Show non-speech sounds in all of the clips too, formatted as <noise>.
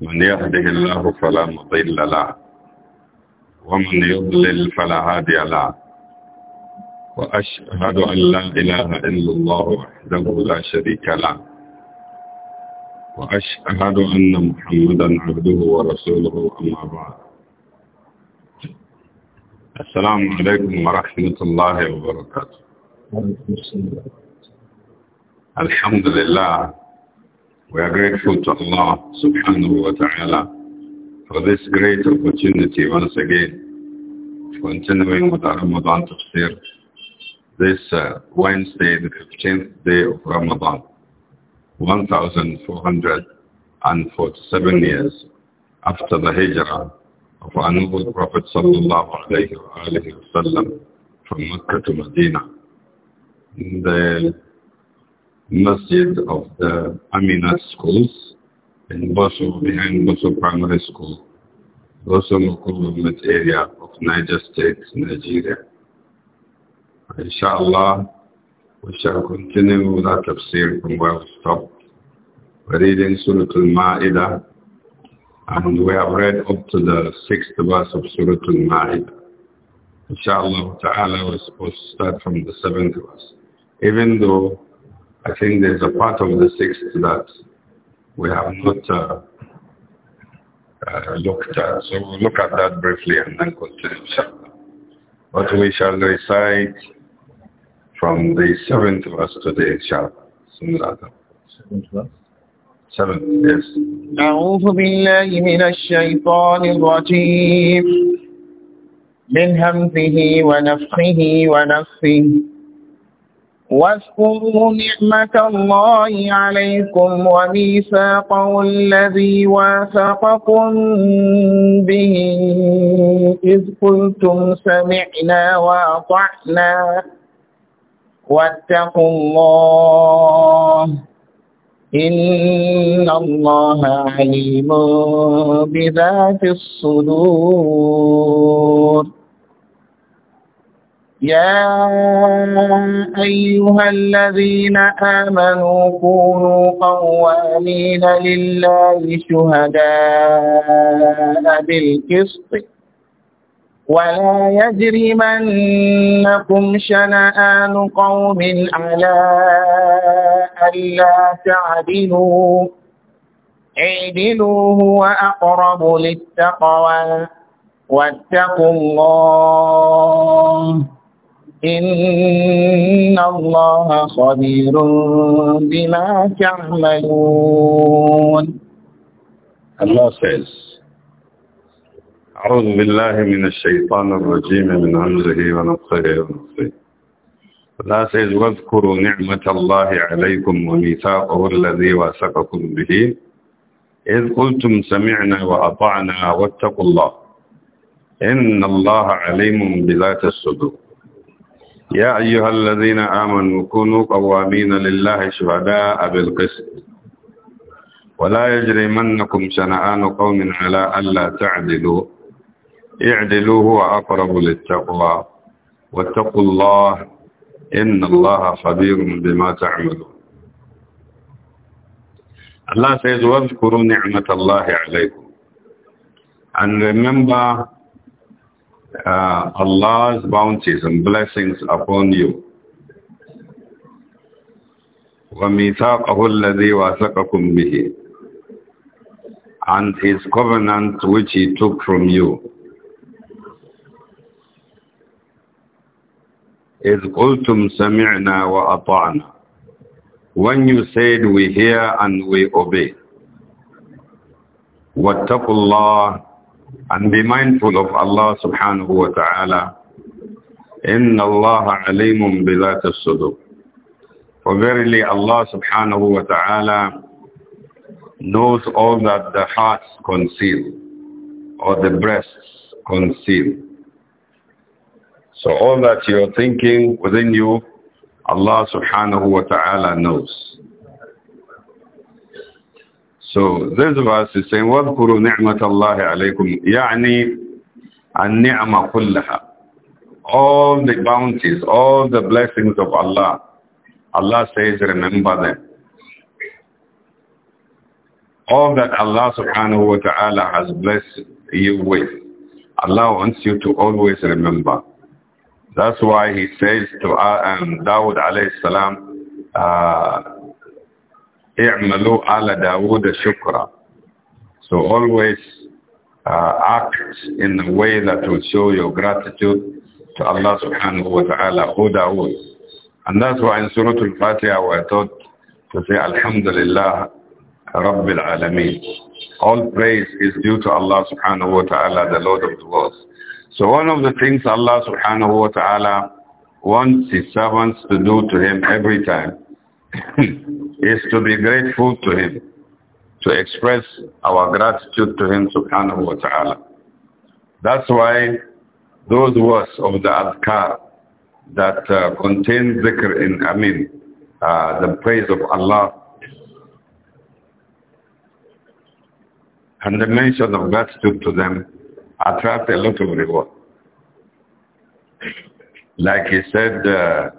من يهده الله فلا مضل له ومن يضلل فلا هادي له وأشهد أن لا إله إلا الله وحده لا شريك له وأشهد أن محمدا عبده ورسوله أما بعد السلام عليكم ورحمة الله وبركاته الحمد لله We are grateful to Allah subhanahu wa ta'ala for this great opportunity once again, continuing with our Ramadan tafsir this uh, Wednesday, the 15th day of Ramadan, 1447 years after the hijrah of our noble Prophet sallallahu alayhi wa sallam from Mecca to Medina. The masjid of the Amina schools in Boso, behind Boso Primary School, Boso Mukubumet area of Niger State, Nigeria. Inshallah, we shall continue with our tafsir from where we stopped. We're reading Surah Al-Ma'idah, and we have read up to the sixth verse of Surah Al-Ma'idah. Inshallah ta'ala, we're supposed to start from the seventh verse. Even though I think there's a part of the sixth that we have not uh, uh, looked at. So we'll look at that briefly and then continue. But we shall recite from the seventh verse today, inshallah. Seventh verse? Seventh, yes. أعوذ بالله من الشيطان الرجيم من همزه ونفخه ونفخه واذكروا نعمة الله عليكم وميثاقه الذي واثقكم به إذ قلتم سمعنا وأطعنا واتقوا الله إن الله عليم بذات الصدور يا أيها الذين آمنوا كونوا قوامين لله شهداء بالقسط ولا يجرمنكم شنآن قوم على ألا تعدلوا اعدلوا هو أقرب للتقوى واتقوا الله إن الله خبير بما تعملون الله says أعوذ بالله من الشيطان الرجيم من عمزه ونفخه ونفخه لا سيز واذكروا نعمة الله عليكم وميثاقه الذي واثقكم به إذ قلتم سمعنا وأطعنا واتقوا الله إن الله عليم بذات الصدور يا أيها الذين آمنوا كونوا قوامين لله شهداء بالقسط ولا يجرمنكم شنآن قوم على ألا تعدلوا اعدلوا هو أقرب للتقوى واتقوا الله إن الله خبير بما تعملون الله says, واذكروا نعمة الله عليكم. And remember uh, Allah's bounties and blessings upon you. وَمِيثَاقَهُ الَّذِي وَاثَقَكُمْ بِهِ And his covenant which he took from you. إِذْ قُلْتُمْ سَمِعْنَا وَأَطَعْنَا When you said we hear and we obey. وَاتَّقُوا اللَّهِ and be mindful of Allah subhanahu wa ta'ala. Inna Allah alimun bilat al-sudur. For verily Allah subhanahu wa ta'ala knows all that the hearts conceal or the breasts conceal. So all that you're thinking within you, Allah subhanahu wa ta'ala knows. So this verse is saying, وَاذْكُرُوا نِعْمَةَ اللَّهِ عَلَيْكُمْ يعني النِّعْمَ كُلَّهَا All the bounties, all the blessings of Allah. Allah says, remember them. All that Allah subhanahu wa ta'ala has blessed you with. Allah wants you to always remember. That's why he says to uh, um, Dawood alayhi salam, uh, i'malu على داود shukra. So always uh, act in a way that will show your gratitude to Allah subhanahu wa ta'ala, O Dawood. And that's why in Surah Al-Fatiha we're taught to say, Alhamdulillah, Rabbil Alameen. All praise is due to Allah subhanahu wa ta'ala, the Lord of the worlds. So one of the things Allah subhanahu wa ta'ala wants his servants to do to him every time <clears throat> is to be grateful to him, to express our gratitude to him subhanahu wa ta'ala. That's why those words of the adhkar that uh, contain zikr in Amin, uh, the praise of Allah, and the mention of gratitude to them attract a lot of reward. Like he said, uh,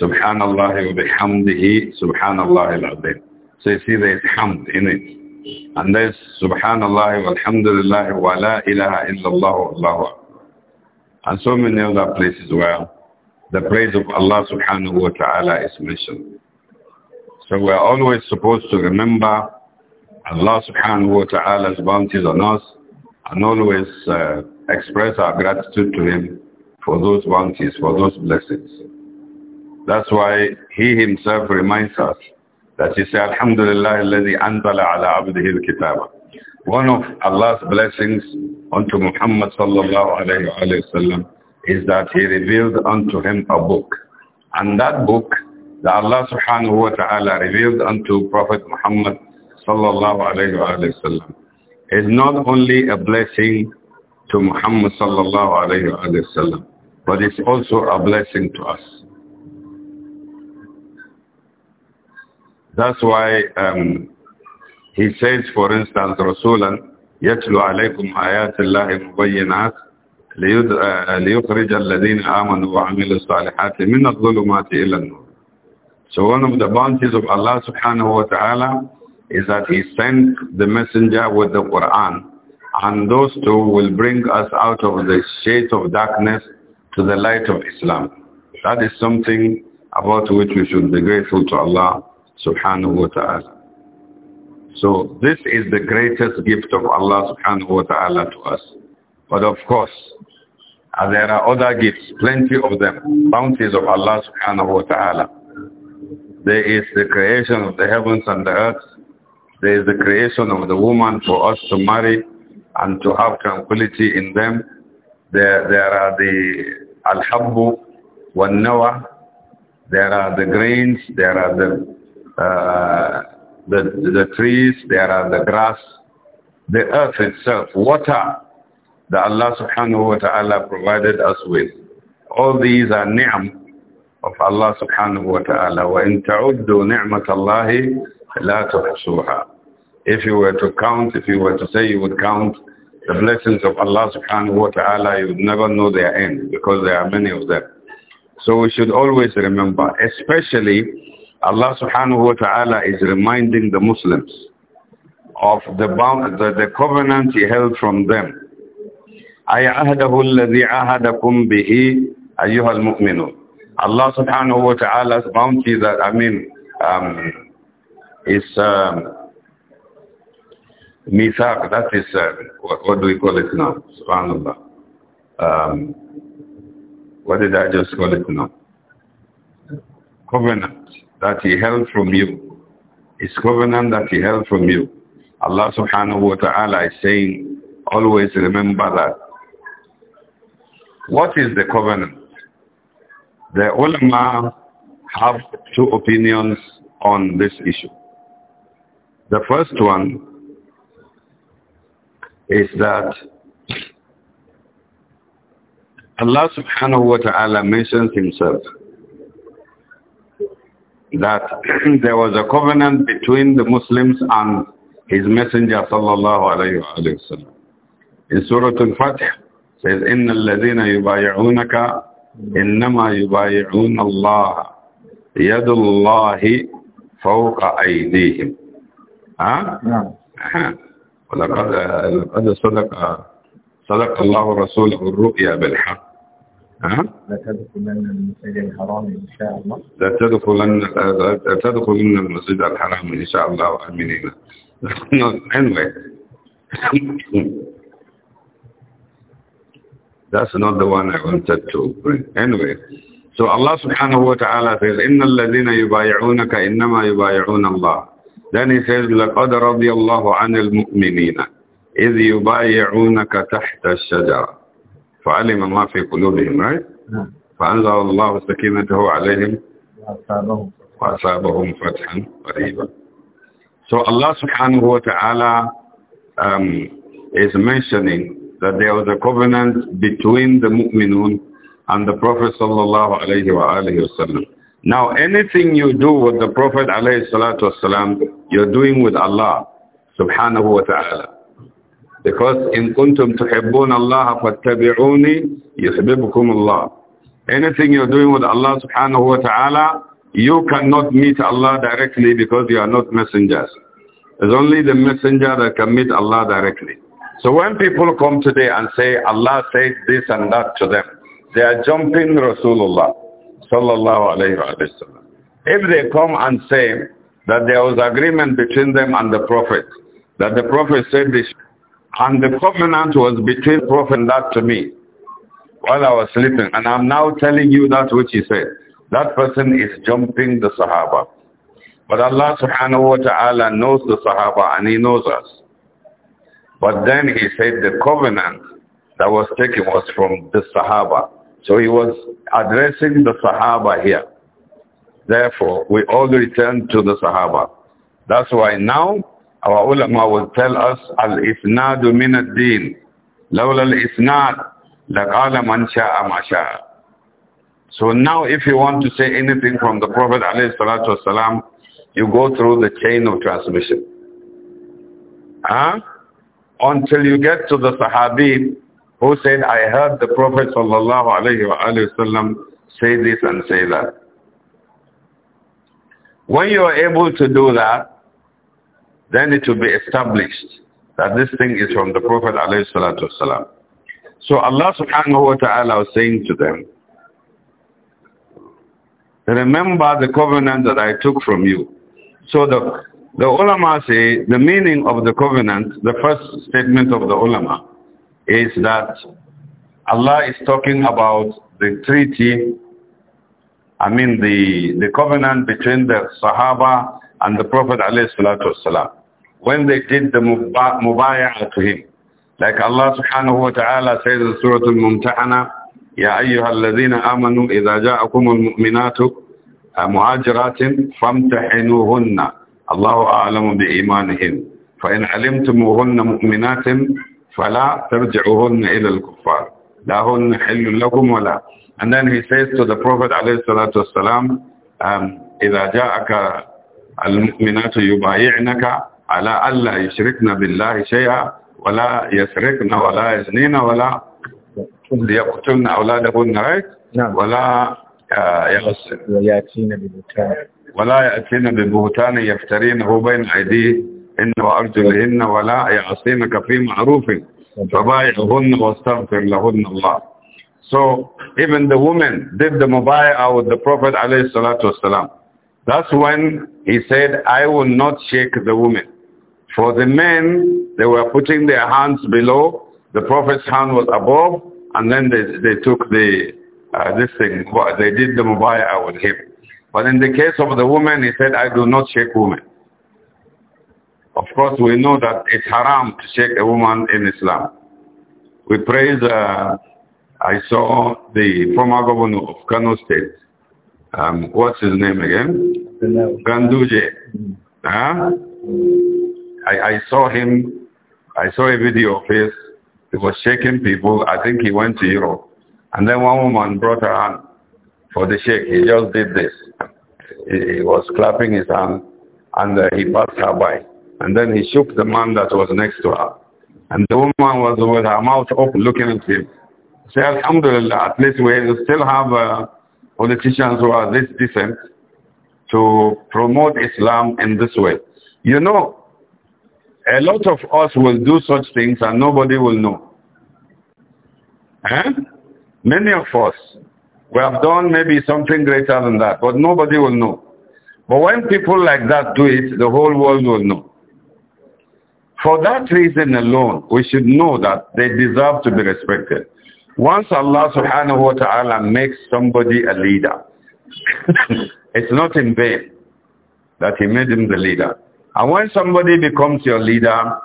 Subhanallah wa bihamdihi, Subhanallah al-Azim. So you see there's hamd in it. And there's Subhanallah alhamdulillah. wa la ilaha illallah Allahu And so many other places where the praise of Allah subhanahu wa ta'ala is mentioned. So we're always supposed to remember Allah subhanahu wa ta'ala's bounties on us and always uh, express our gratitude to Him for those bounties, for those blessings. That's why he himself reminds us that he said, Alhamdulillah, One of Allah's blessings unto Muhammad sallallahu alayhi wa sallam is that he revealed unto him a book. And that book that Allah subhanahu wa ta'ala revealed unto Prophet Muhammad sallallahu alayhi wa sallam is not only a blessing to Muhammad sallallahu alayhi wa sallam, but it's also a blessing to us. That's why um, he says, for instance, Rasulan يتلو عليكم آيات الله مبينات ليخرج الذين آمنوا وعملوا الصالحات من الظلمات إلى النور. So one of the bounties of Allah subhanahu wa ta'ala is that he sent the messenger with the Quran and those two will bring us out of the shade of darkness to the light of Islam. That is something about which we should be grateful to Allah subhanahu wa ta'ala. So this is the greatest gift of Allah subhanahu wa ta'ala to us. But of course, there are other gifts, plenty of them, bounties of Allah subhanahu wa ta'ala. There is the creation of the heavens and the earth. There is the creation of the woman for us to marry and to have tranquility in them. There, there are the al-habbu, one nawa. There are the grains. There are the uh, the, the trees, there are the grass, the earth itself, water that Allah subhanahu wa ta'ala provided us with. All these are ni'am of Allah subhanahu wa ta'ala. وَإِن تَعُدُّوا نِعْمَةَ اللَّهِ لَا تُحْصُوهَا If you were to count, if you were to say you would count the blessings of Allah subhanahu wa ta'ala, you would never know their end because there are many of them. So we should always remember, especially Allah subhanahu wa ta'ala is reminding the Muslims of the, bound, the, the covenant he held from them. أَيَعَهَدَهُ الَّذِي عَهَدَكُمْ بِهِ al الْمُؤْمِنُونَ Allah subhanahu wa ta'ala's bounty that, I mean, um, is um, mithaq, that is, uh, what, what, do we call it now? SubhanAllah. Um, what did I just call it now? Covenant that he held from you, his covenant that he held from you. Allah subhanahu wa ta'ala is saying, always remember that. What is the covenant? The ulama have two opinions on this issue. The first one is that Allah subhanahu wa ta'ala mentions himself that there was a covenant between the Muslims and his messenger sallallahu alayhi wa sallam. In Surah Al-Fatih says, إِنَّ الَّذِينَ يُبَايِعُونَكَ إِنَّمَا يُبَايِعُونَ اللَّهَ يَدُ اللَّهِ فَوْقَ أَيْدِيهِمْ ها؟ نعم ولقد صدق صدق الله رسوله الرؤيا بالحق نعم. لا تدخلن المسجد الحرام إن شاء الله لا تدخلن تدخلن المسجد الحرام إن شاء الله آمنين <laughs> anyway that's not the one I wanted to bring anyway so Allah subhanahu wa ta'ala says إن الذين يبايعونك إنما يبايعون الله then he says لقد رضي الله عن المؤمنين إذ يبايعونك تحت الشجرة فعلم ما في قلوبهم right فأنزل الله سكينته عليهم وأصابهم فتحا قريبا So Allah subhanahu wa ta'ala um, is mentioning that there was a covenant between the mu'minun and the Prophet sallallahu alayhi wa alayhi wa Now anything you do with the Prophet alayhi salatu wasalam, you're doing with Allah subhanahu wa ta'ala. Because in kuntum tuhibbun Allah fattabi'uni yuhibbukum Allah. Anything you're doing with Allah subhanahu wa ta'ala, you cannot meet Allah directly because you are not messengers. It's only the messenger that can meet Allah directly. So when people come today and say Allah said this and that to them, they are jumping Rasulullah sallallahu alayhi wa If they come and say that there was agreement between them and the Prophet, that the Prophet said this, and the covenant was between Prophet and that to me while I was sleeping. And I'm now telling you that which he said. That person is jumping the Sahaba. But Allah subhanahu wa ta'ala knows the Sahaba and he knows us. But then he said the covenant that was taken was from the Sahaba. So he was addressing the Sahaba here. Therefore, we all return to the Sahaba. That's why now our ulama will tell us, al-isnadu min ad-din. Lawla al-isnad, laqala man sha'a So now if you want to say anything from the Prophet wasalam you go through the chain of transmission. Huh? Until you get to the Sahabi who said, I heard the Prophet وسلم, say this and say that. When you are able to do that, then it will be established that this thing is from the Prophet ﷺ. So Allah subhanahu wa ta'ala was saying to them, remember the covenant that I took from you. So the, the ulama say the meaning of the covenant, the first statement of the ulama is that Allah is talking about the treaty, I mean the, the covenant between the Sahaba and the Prophet alayhi salatu wasalam. when they did the mubaya'ah to him. Like Allah subhanahu wa ta'ala says in Surah Al-Mumtahana, يا أيها الذين آمنوا إذا جاءكم المؤمنات مهاجرات فامتحنوهن الله أعلم بإيمانهن فإن علمتموهن مؤمنات فلا ترجعوهن إلى الكفار لا هن حل لكم ولا And then he says to the Prophet عليه الصلاة والسلام um, إذا جاءك المؤمنات يبايعنك على ألا يشركنا بالله شيئا ولا يسرقنا ولا يزنينا ولا يقتلنا أولادهن غير نعم. ولا آه، ياتينا ببهتان ولا ياتينا ببهتان يفترينه بين أيديهن وأرجلهن ولا يعصينك في معروف فبايعهن واستغفر لهن الله So even the woman did the mubayah with the Prophet alayhi salatu wasalam. That's when he said, I will not shake the woman. For the men, they were putting their hands below. The Prophet's hand was above. And then they, they took the, uh, this thing. They did the mubaya with him. But in the case of the woman, he said, I do not shake women. Of course, we know that it's haram to shake a woman in Islam. We praise, uh, I saw the former governor of Kano State. Um, what's his name again? Ganduje. Huh? Mm. I, I saw him, I saw a video of his. He was shaking people. I think he went to Europe. And then one woman brought her hand for the shake. He just did this. He, he was clapping his hand and uh, he passed her by. And then he shook the man that was next to her. And the woman was with her mouth open looking at him. Say, Alhamdulillah, at least we still have uh, politicians who are this decent to promote Islam in this way. You know, a lot of us will do such things and nobody will know. Eh? Many of us, we have done maybe something greater than that, but nobody will know. But when people like that do it, the whole world will know. For that reason alone, we should know that they deserve to be respected. Once Allah subhanahu wa ta'ala makes somebody a leader, <laughs> it's not in vain that he made him the leader. And when somebody becomes your leader,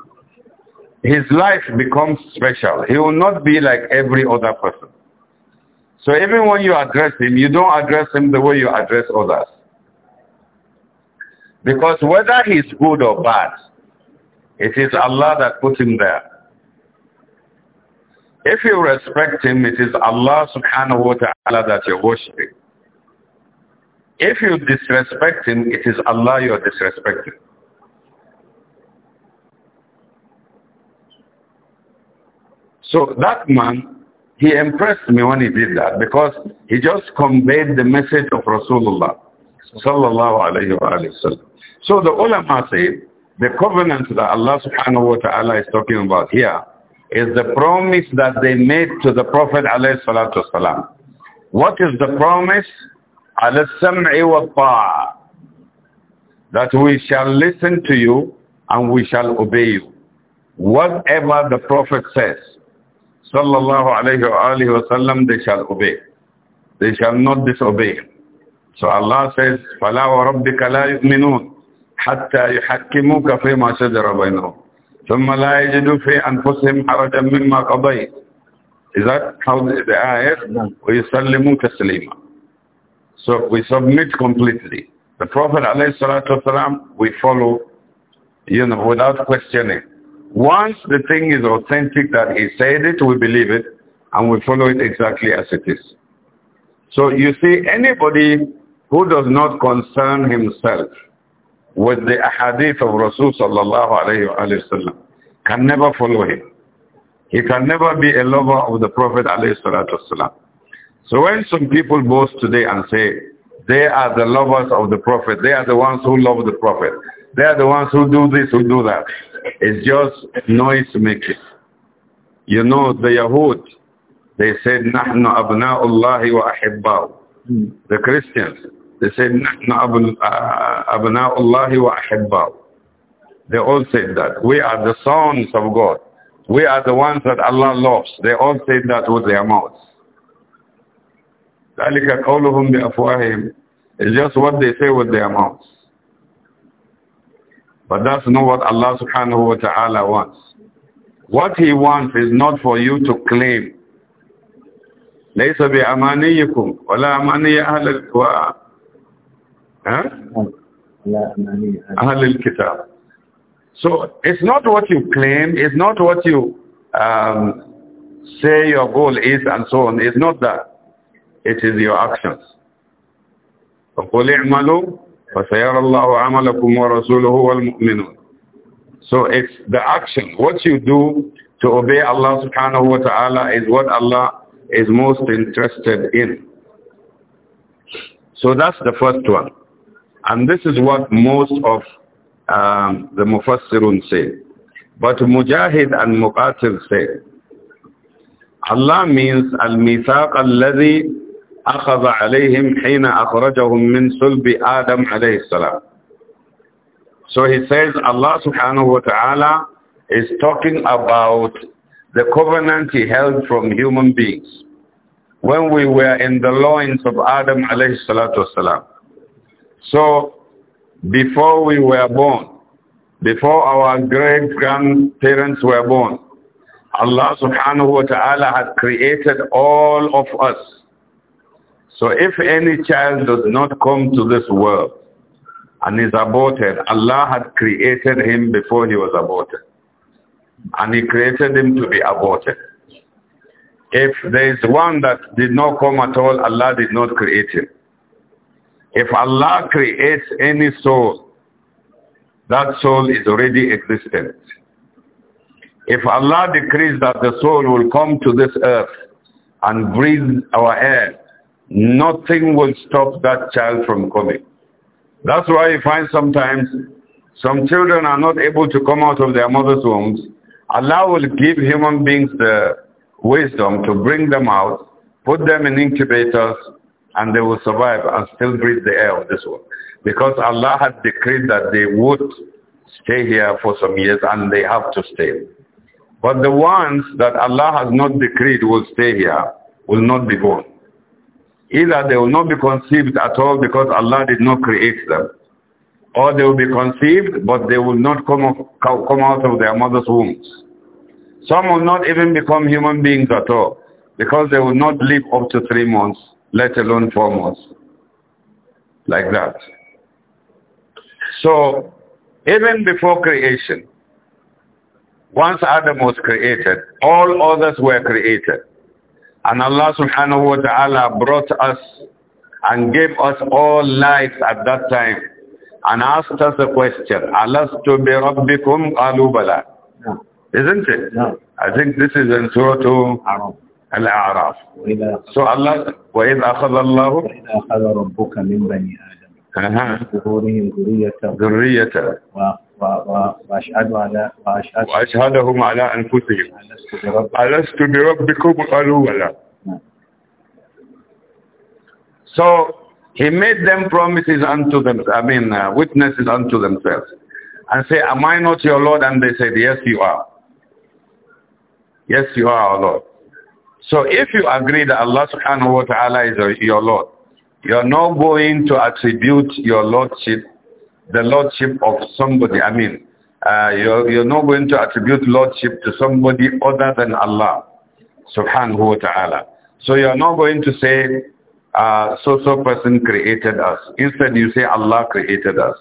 his life becomes special. He will not be like every other person. So even when you address him, you don't address him the way you address others. Because whether he's good or bad, it is Allah that put him there. If you respect him, it is Allah subhanahu wa ta'ala that you're worshipping. If you disrespect him, it is Allah you're disrespecting. So that man, he impressed me when he did that because he just conveyed the message of Rasulullah sallallahu alayhi wa, So the ulama say the covenant that Allah subhanahu wa ta'ala is talking about here is the promise that they made to the Prophet alayhi salatu wasalam. What is the promise? Al-sam'i wa That we shall listen to you and we shall obey you. Whatever the Prophet says, صلى الله عليه وآله وسلم they shall obey. They shall not disobey. So Allah says, فَلَا وَرَبِّكَ لَا يُؤْمِنُونَ حَتَّى يُحَكِّمُوكَ فِي مَا شَجَرَ بَيْنَهُمْ ثُمَّ لَا يَجِدُوا فِي أَنفُسِهِمْ حَرَجًا مِمَّا قَضَيْتَ Is that how the, the ayah? وَيُسَلِّمُوا تَسْلِيمًا So we submit completely. The Prophet ﷺ, we follow, you know, without questioning. Once the thing is authentic that he said it, we believe it and we follow it exactly as it is. So you see, anybody who does not concern himself with the ahadith of Rasul sallallahu alayhi wa sallam can never follow him. He can never be a lover of the Prophet alayhi So when some people boast today and say, they are the lovers of the Prophet, they are the ones who love the Prophet, they are the ones who do this, who do that, it's just noise making. You know, the Yahud, they said, نَحْنُ أَبْنَاءُ اللَّهِ وَأَحِبَّاهُ The Christians, they said, نَحْنُ أَبْنَاءُ اللَّهِ وَأَحِبَّاهُ They all said that. We are the sons of God. We are the ones that Allah loves. They all said that with their mouths. ذَلِكَ قَوْلُهُمْ بِأَفْوَاهِهِمْ It's just what they say with their mouths. But that's not what Allah subhanahu wa ta'ala wants. What he wants is not for you to claim. ليس بأمانيكم ولا أماني أهل ال... أهل الكتاب. So it's not what you claim, it's not what you um, say your goal is and so on. It's not that. It is your actions. فَقُلْ اِعْمَلُوا فَسَيَرَ اللَّهُ عَمَلَكُمْ وَرَسُولُهُ وَالْمُؤْمِنُونَ So it's the action. What you do to obey Allah subhanahu wa ta'ala is what Allah is most interested in. So that's the first one. And this is what most of um, the Mufassirun say. But Mujahid and Muqatil say, Allah means al-mithaq alladhi أخذ عليهم حين أخرجهم من سلب آدم عليه السلام. So he says Allah subhanahu wa ta'ala is talking about the covenant he held from human beings when we were in the loins of Adam alayhi salatu wasalam. So before we were born, before our great-grandparents were born, Allah subhanahu wa ta'ala had created all of us so if any child does not come to this world and is aborted, Allah had created him before he was aborted. And he created him to be aborted. If there is one that did not come at all, Allah did not create him. If Allah creates any soul, that soul is already existent. If Allah decrees that the soul will come to this earth and breathe our air, nothing will stop that child from coming. That's why you find sometimes some children are not able to come out of their mother's wombs. Allah will give human beings the wisdom to bring them out, put them in incubators, and they will survive and still breathe the air of this world. Because Allah had decreed that they would stay here for some years and they have to stay. But the ones that Allah has not decreed will stay here, will not be born. Either they will not be conceived at all because Allah did not create them. Or they will be conceived, but they will not come, of, come out of their mother's wombs. Some will not even become human beings at all because they will not live up to three months, let alone four months. Like that. So, even before creation, once Adam was created, all others were created. And Allah subhanahu wa ta'ala brought us and gave us all life at that time and asked us a question. Alastu bi rabbikum qalu Isn't it? I think this is in Surah Al-A'raf. So Allah, وَإِذْ أَخَذَ اللَّهُ وَإِذْ أَخَذَ رَبُّكَ مِنْ بَنِي آدَمَ ذُرِّيَّةً وأشهدهم على أنفسهم ألست بربكم قالوا ولا So he made them promises unto them, I mean uh, witnesses unto themselves and say, am I not your Lord? And they said, yes you are. Yes you are our Lord. So if you agree that Allah subhanahu wa ta'ala is your Lord, you're not going to attribute your Lordship the lordship of somebody. I mean, uh, you're, you're not going to attribute lordship to somebody other than Allah subhanahu wa ta'ala. So you're not going to say, uh, so-so person created us. Instead you say Allah created us.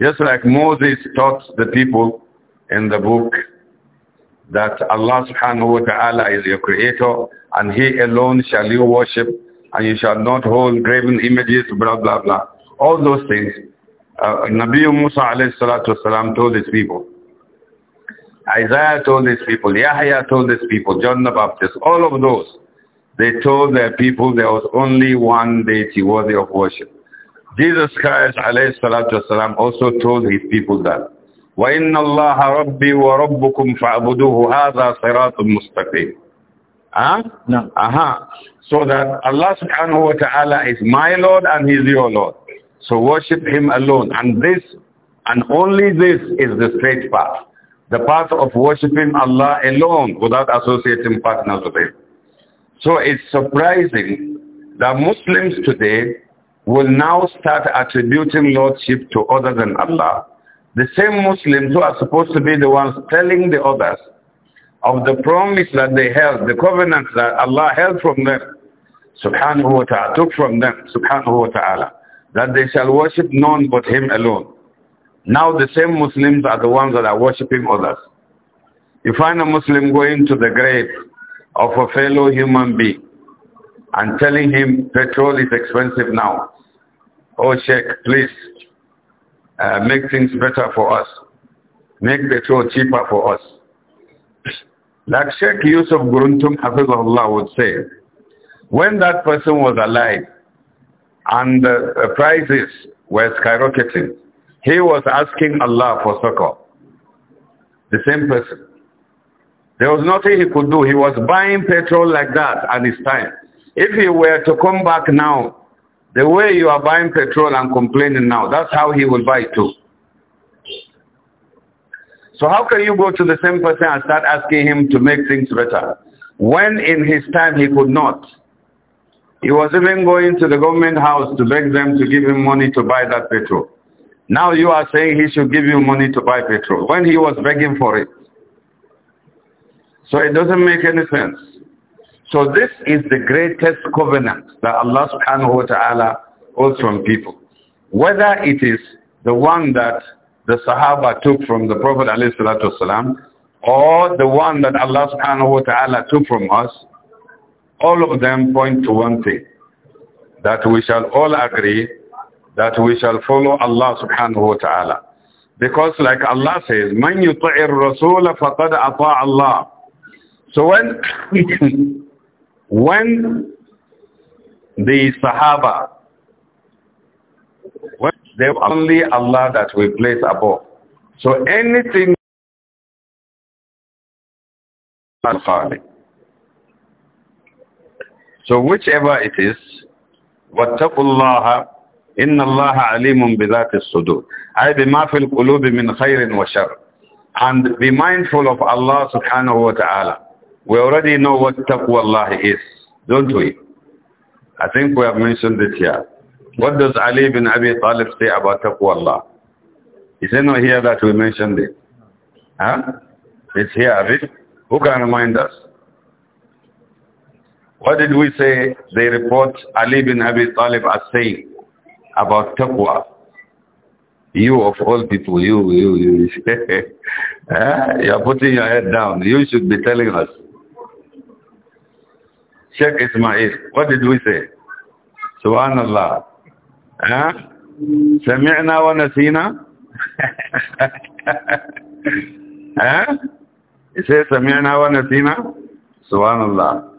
Just like Moses taught the people in the book that Allah subhanahu wa ta'ala is your creator and he alone shall you worship and you shall not hold graven images, blah, blah, blah. All those things uh, Nabi Musa alayhi salatu wasalam told his people. Isaiah told his people. Yahya told his people. John the Baptist. All of those. They told their people there was only one deity worthy of worship. Jesus Christ alayhi salatu wasalam also told his people that. وَإِنَّ اللَّهَ رَبِّي وَرَبُّكُمْ فَاعْبُدُوهُ هَذَا صِرَاطٌ مُسْتَقِيمٌ Huh? No. Uh-huh. So that Allah subhanahu wa ta'ala is my Lord and He's your Lord. So worship him alone. And this, and only this is the straight path. The path of worshiping Allah alone without associating partners with him. So it's surprising that Muslims today will now start attributing lordship to other than Allah. The same Muslims who are supposed to be the ones telling the others of the promise that they held, the covenant that Allah held from them, subhanahu wa ta'ala, took from them, subhanahu wa ta'ala that they shall worship none but him alone. Now the same Muslims are the ones that are worshipping others. You find a Muslim going to the grave of a fellow human being and telling him petrol is expensive now. Oh Sheikh, please uh, make things better for us. Make petrol cheaper for us. Like Sheikh Yusuf Guruntum Hafizullah would say, when that person was alive, and the prices were skyrocketing. He was asking Allah for succor. The same person. There was nothing he could do. He was buying petrol like that at his time. If he were to come back now, the way you are buying petrol and complaining now, that's how he will buy too. So how can you go to the same person and start asking him to make things better? When in his time he could not. He was even going to the government house to beg them to give him money to buy that petrol. Now you are saying he should give you money to buy petrol when he was begging for it. So it doesn't make any sense. So this is the greatest covenant that Allah subhanahu wa ta'ala holds from people. Whether it is the one that the Sahaba took from the Prophet alayhi salatu or the one that Allah subhanahu wa ta'ala took from us, all of them point to one thing, that we shall all agree that we shall follow Allah subhanahu wa ta'ala. Because like Allah says, مَنْ يُطِعِ الرَّسُولَ فَقَدْ أَطَاعَ اللَّهِ So when, <laughs> when the Sahaba, when they only Allah that we place above. So anything so whichever it is, وَاتَّقُوا اللَّهَ إِنَّ اللَّهَ عَلِيمٌ بِذَاتِ الصُّدُورِ أي بما في القلوب من خير وشر And be mindful of Allah subhanahu wa ta'ala. We already know what taqwa Allah is, don't we? I think we have mentioned it here. What does Ali bin Abi Talib say about taqwa Allah? Is it not here that we mentioned it? Huh? It's here, Abid. Who can remind us? What did we say they report Ali bin Abi Talib as saying about taqwa? You of all people, you, you, you, <laughs> eh? you're putting your head down. You should be telling us. Sheikh Ismail, what did we say? Subhanallah. Huh? سمعنا ونسينا ها huh? say Sami'na wa Nasina. Subhanallah.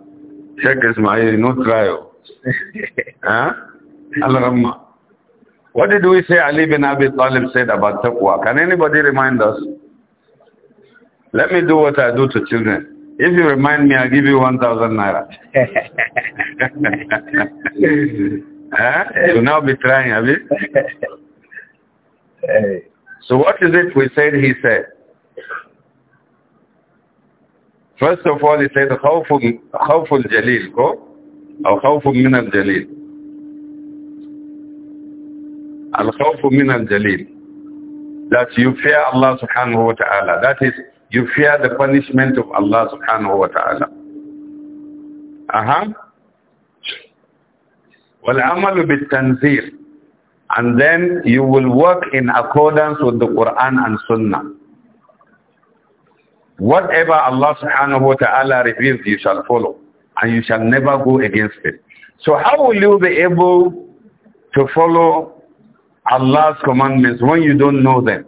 Checkers, my, no trial. <laughs> huh? al What did we say Ali bin Abi Talib said about taqwa? Can anybody remind us? Let me do what I do to children. If you remind me, I'll give you 1,000 naira. <laughs> <laughs> huh? You'll now be trying, have you? So what is it we said he said? First of all, he said, خوف, خوف الجليل كو أو خوف من الجليل الخوف من الجليل that you fear Allah subhanahu wa ta'ala. That is, you fear the punishment of Allah subhanahu wa ta'ala. Uh-huh. وَالْعَمَلُ بِالتَّنْزِيلِ And then you will work in accordance with the Quran and Sunnah. Whatever Allah subhanahu wa ta'ala reveals, you shall follow. And you shall never go against it. So how will you be able to follow Allah's commandments when you don't know them?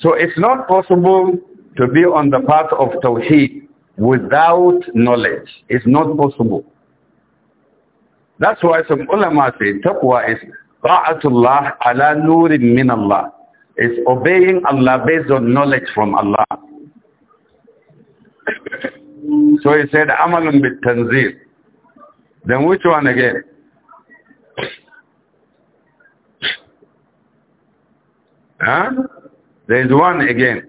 So it's not possible to be on the path of Tawheed without knowledge. It's not possible. That's why some ulama say taqwa is ta'atullah ala nurin min Allah is obeying Allah based on knowledge from Allah. so he said, Amalun bit Tanzil." Then which one again? Huh? There is one again.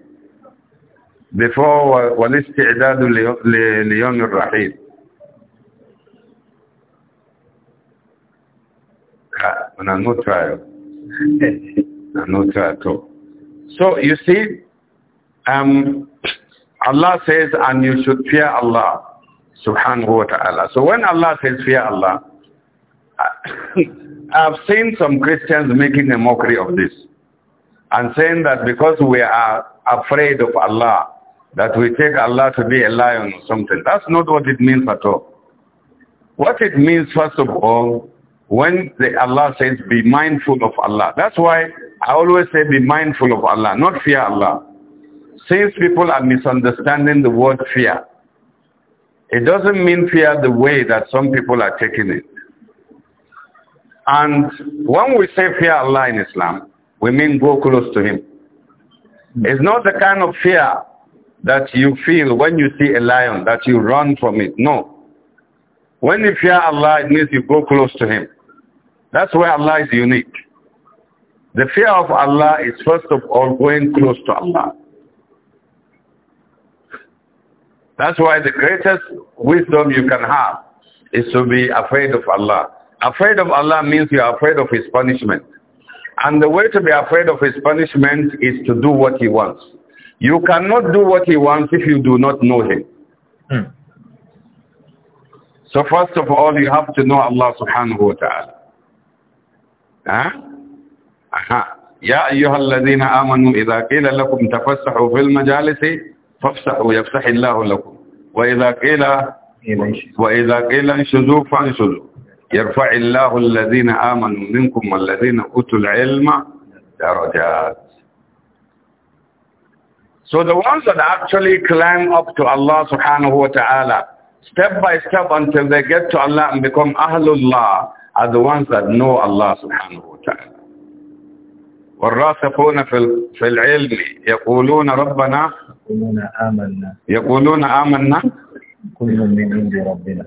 Before والاستعداد ليوم rahim. Uh, no, no not at all. So you see, um, Allah says, and you should fear Allah subhanahu wa ta'ala. So when Allah says fear Allah, <coughs> I've seen some Christians making a mockery of this and saying that because we are afraid of Allah, that we take Allah to be a lion or something. That's not what it means at all. What it means, first of all, when the Allah says, be mindful of Allah. That's why I always say be mindful of Allah, not fear Allah. Since people are misunderstanding the word fear, it doesn't mean fear the way that some people are taking it. And when we say fear Allah in Islam, we mean go close to Him. It's not the kind of fear that you feel when you see a lion, that you run from it. No. When you fear Allah, it means you go close to Him. That's where Allah is unique. The fear of Allah is first of all going close to Allah. That's why the greatest wisdom you can have is to be afraid of Allah. Afraid of Allah means you are afraid of his punishment. And the way to be afraid of his punishment is to do what he wants. You cannot do what he wants if you do not know him. Hmm. So first of all, you have to know Allah subhanahu wa ta'ala. Huh? يا أيها الذين آمنوا إذا قيل لكم تفسحوا في المجالس فافسحوا يفسح الله لكم وإذا قيل وإذا قيل انشزوا فانشزوا يرفع الله الذين آمنوا منكم والذين أوتوا العلم درجات So the ones that actually climb up to Allah subhanahu wa ta'ala, step by step until they get to Allah and become Ahlullah, are the ones that know Allah subhanahu wa ta'ala. والراسخون في في العلم يقولون ربنا يقولون آمنا يقولون آمنا كل من عند ربنا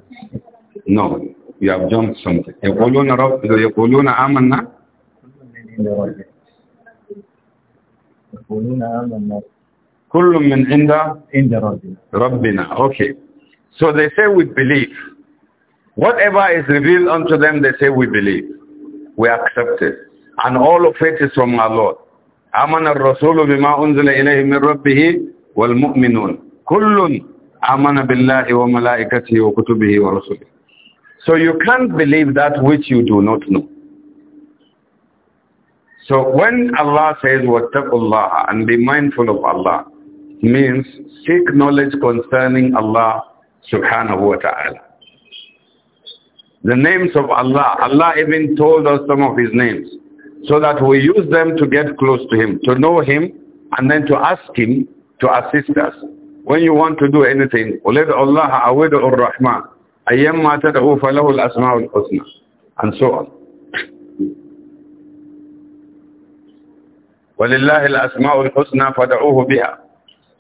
no يا جون سمت يقولون رب يقولون آمنا كل من عند ربنا يقولون آمنا كل من عند عند ربنا ربنا okay so they say we believe whatever is revealed unto them they say we believe we accept it And all of it is from our Lord. آمن الرسول بما أنزل إليه من ربه والمؤمنون كل آمن بالله وملائكته وكتبه ورسله So you can't believe that which you do not know. So when Allah says, وَاتَّقُوا اللَّهَ and be mindful of Allah, means seek knowledge concerning Allah subhanahu wa ta'ala. The names of Allah, Allah even told us some of his names so that we use them to get close to him, to know him, and then to ask him to assist us. When you want to do anything, أُلَدْ اللَّهَ أَوِدُ And so on. <laughs> وَلِلَّهِ الْأَسْمَاءُ الْحُسْنَى فَدَعُوهُ بِهَا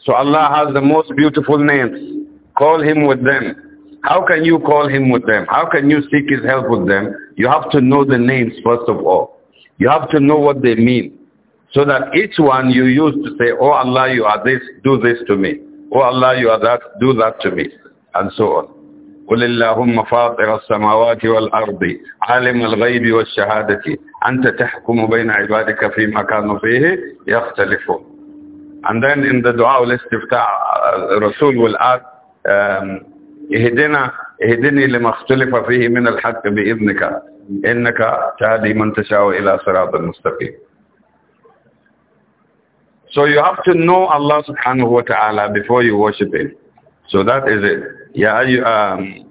So Allah has the most beautiful names. Call him with them. How can you call him with them? How can you seek his help with them? You have to know the names first of all. You have to know what they mean. So that each one you use to say, Oh Allah, you are this, do this to me. Oh Allah, you are that, do that to me. And so on. قل اللهم فاطر السماوات والأرض عالم الغيب والشهادة أنت تحكم بين عبادك فيما كانوا فيه يختلفون and then in the dua al-istiftah uh, Rasul will add um, اهدنا اهدني لما اختلف فيه من الحق بإذنك إنك تهدي من تشاء إلى صراط مستقيم So you have to know Allah subhanahu wa ta'ala before you worship Him. So that is it. Yeah, you, um,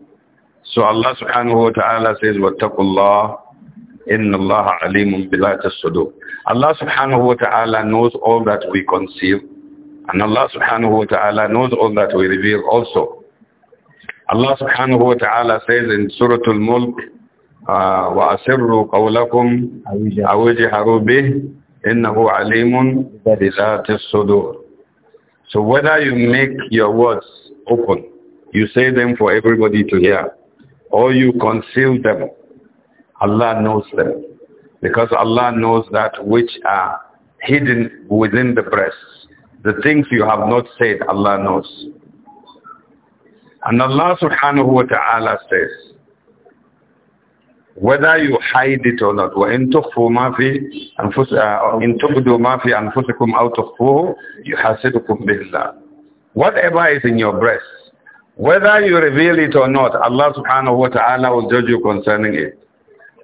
so Allah subhanahu wa ta'ala says, وَاتَّقُوا اللَّهِ إِنَّ اللَّهَ عَلِيمٌ بِلَاتِ الصُّدُورِ Allah subhanahu wa ta'ala knows all that we conceal. And Allah subhanahu wa ta'ala knows all that we reveal also. Allah subhanahu wa ta'ala says in Surah Al-Mulk, وَأَسِرُّوا قَوْلَكُمْ أَوِجِهَرُوا بِهِ إِنَّهُ عَلِيمٌ بِذَاتِ الصُّدُورِ So whether you make your words open, you say them for everybody to hear, or you conceal them, Allah knows them. Because Allah knows that which are hidden within the breasts. The things you have not said, Allah knows. And Allah subhanahu wa ta'ala says, whether you hide it or not, وَإِن تُخْفُوا مَا فِي إِن تُبْدُوا مَا فِي أَنفُسِكُمْ أَوْتَخْفُوهُ تُخْفُوهُ يُحَاسِبُكُمْ بِهِ Whatever is in your breast, whether you reveal it or not, Allah subhanahu wa ta'ala will judge you concerning it.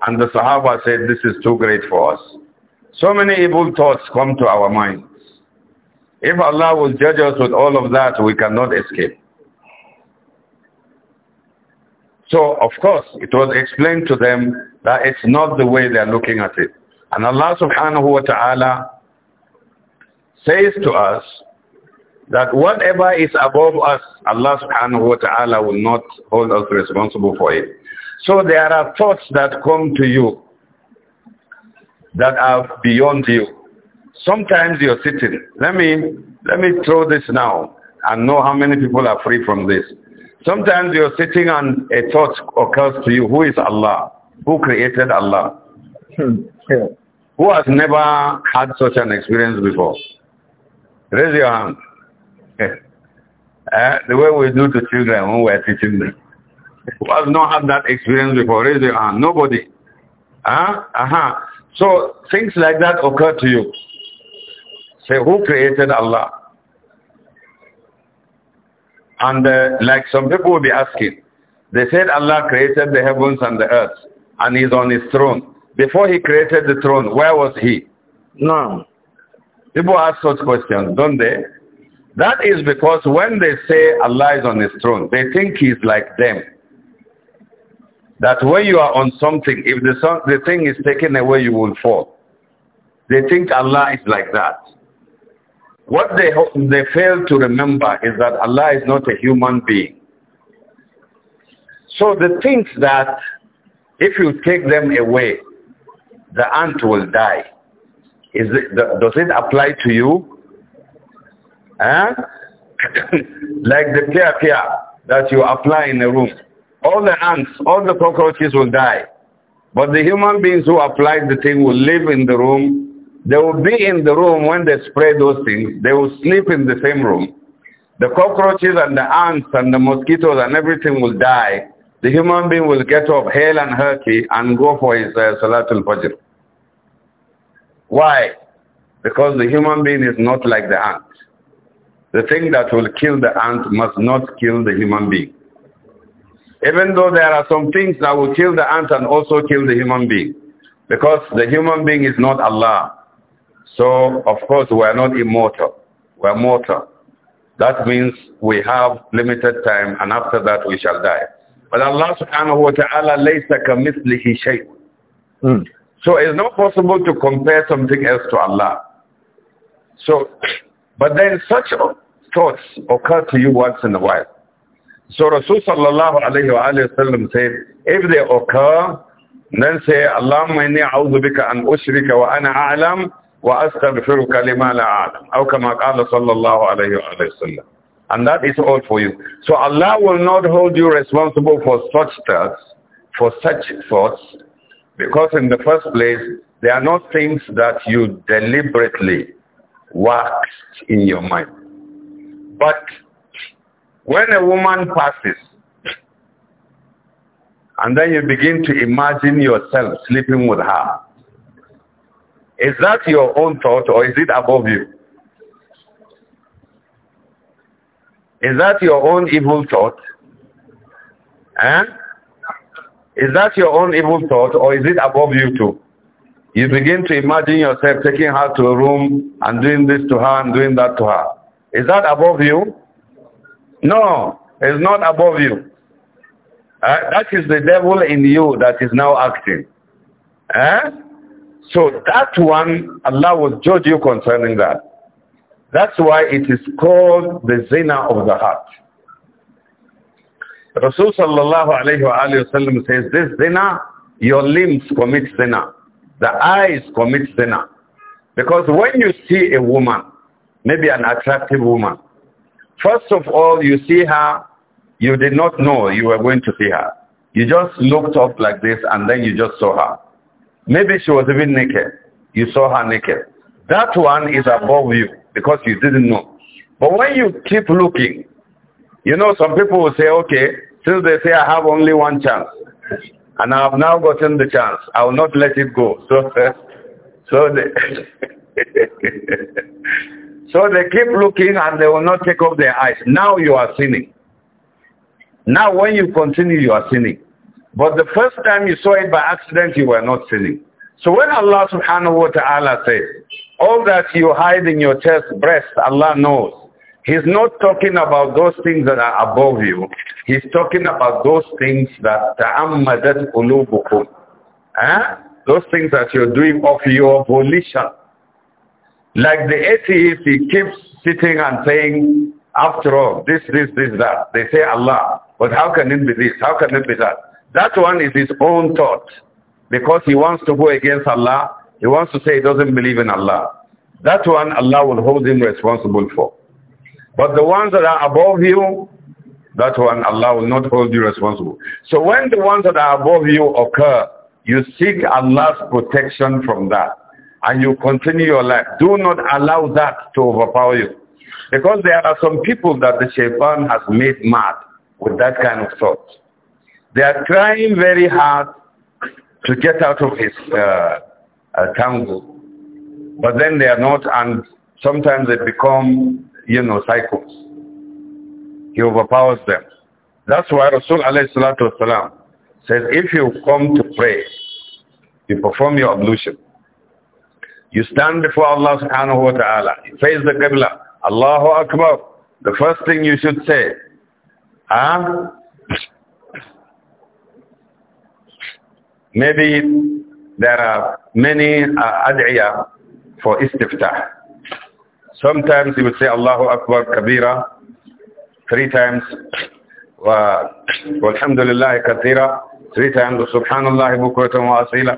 And the Sahaba said, this is too great for us. So many evil thoughts come to our minds. If Allah will judge us with all of that, we cannot escape. So of course, it was explained to them that it's not the way they're looking at it. And Allah subhanahu wa ta'ala says to us that whatever is above us, Allah subhanahu wa ta'ala will not hold us responsible for it. So there are thoughts that come to you that are beyond you. Sometimes you're sitting. Let me, let me throw this now and know how many people are free from this. Sometimes you're sitting and a thought occurs to you, who is Allah? Who created Allah? Hmm. Yeah. Who has never had such an experience before? Raise your hand. uh, <laughs> the way we do to children when we're teaching them. Who has not had that experience before? Raise your hand. Nobody. Huh? Ah, uh-huh. So things like that occur to you. Say, who created Allah? And uh, like some people will be asking, they said Allah created the heavens and the earth and he's on his throne. Before he created the throne, where was he? No. People ask such questions, don't they? That is because when they say Allah is on his throne, they think he's like them. That when you are on something, if the, the thing is taken away, you will fall. They think Allah is like that. What they, they fail to remember is that Allah is not a human being. So the things that if you take them away, the ant will die. Is it, does it apply to you? Huh? <coughs> like the pia pia that you apply in a room. All the ants, all the cockroaches will die. But the human beings who apply the thing will live in the room they will be in the room when they spray those things. They will sleep in the same room. The cockroaches and the ants and the mosquitoes and everything will die. The human being will get up hale and hearty and go for his uh, Salatul Fajr. Why? Because the human being is not like the ant. The thing that will kill the ant must not kill the human being. Even though there are some things that will kill the ant and also kill the human being. Because the human being is not Allah. So, of course, we are not immortal. We are mortal. That means we have limited time and after that we shall die. But Allah subhanahu wa ta'ala laysa kamithlihi shay'un. Hmm. So it's not possible to compare something else to Allah. So, but then such thoughts occur to you once in a while. So Rasulullah sallallahu alayhi wa alayhi wa said, if they occur, then say, Allahumma inni a'udhu bika an ushrika wa ana a'lam وَأَسْتَغْفِرُكَ لِمَا لَا أَعْلَمْ أو كما قال صلى الله عليه وسلم and that is all for you so Allah will not hold you responsible for such thoughts for such thoughts because in the first place they are not things that you deliberately waxed in your mind but when a woman passes and then you begin to imagine yourself sleeping with her is that your own thought or is it above you? Is that your own evil thought? And eh? Is that your own evil thought or is it above you too? You begin to imagine yourself taking her to a room and doing this to her and doing that to her. Is that above you? No, it's not above you. Eh? that is the devil in you that is now acting. Eh? So that one, Allah will judge you concerning that. That's why it is called the zina of the heart. Rasul sallallahu alayhi wa says, this zina, your limbs commit zina. The eyes commit zina. Because when you see a woman, maybe an attractive woman, first of all, you see her, you did not know you were going to see her. You just looked up like this and then you just saw her. Maybe she was even naked. You saw her naked. That one is uh-huh. above you because you didn't know. But when you keep looking, you know, some people will say, okay, since they say I have only one chance, and I have now gotten the chance, I will not let it go. <laughs> So, so they, <laughs> so they keep looking and they will not take off their eyes. Now you are sinning. Now when you continue, you are sinning. But the first time you saw it by accident, you were not sinning. So when Allah subhanahu wa ta'ala says, all that you hide in your chest, breast, Allah knows. He's not talking about those things that are above you. He's talking about those things that ta'ammadat ulubukum. Huh? Those things that you're doing of your volition. Like the atheist, he keeps sitting and saying, after all, this, this, this, that. They say Allah. But how can it be this? How can it be that? That one is his own thought because he wants to go against Allah. He wants to say he doesn't believe in Allah. That one Allah will hold him responsible for. But the ones that are above you, that one Allah will not hold you responsible. So when the ones that are above you occur, you seek Allah's protection from that. And you continue your life. Do not allow that to overpower you. Because there are some people that the shaitan has made mad with that kind of thought. They are trying very hard to get out of his uh, uh, tangle, but then they are not, and sometimes they become, you know, cycles. He overpowers them. That's why Rasul alayhi says, if you come to pray, you perform your ablution. You stand before Allah subhanahu wa ta'ala. You face the Qibla. Allahu Akbar. The first thing you should say, ah, Maybe there are many uh, for istiftah. Sometimes you would say Allahu Akbar Kabira three times wa walhamdulillah kathira three times subhanallah bukratan wa asila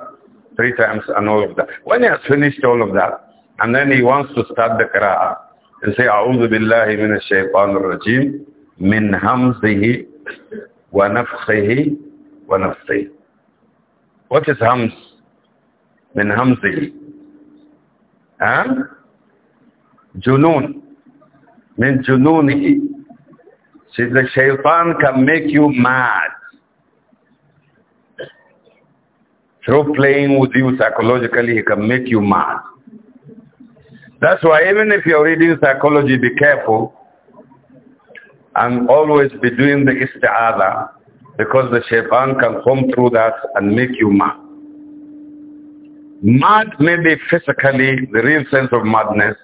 three times and all of that. When he has finished all of that and then he wants to start the qira'ah and say a'udhu billahi minash shaitanir rajim min hamzihi wa nafkhihi wa nafsihi what is hams? Min hamzihi. And Junoon. Min junoonihi. See, the shaitan can make you mad. Through playing with you psychologically, he can make you mad. That's why even if you're reading psychology, be careful and always be doing the isti'adha because the shaitan can come through that and make you mad. Mad may be physically the real sense of madness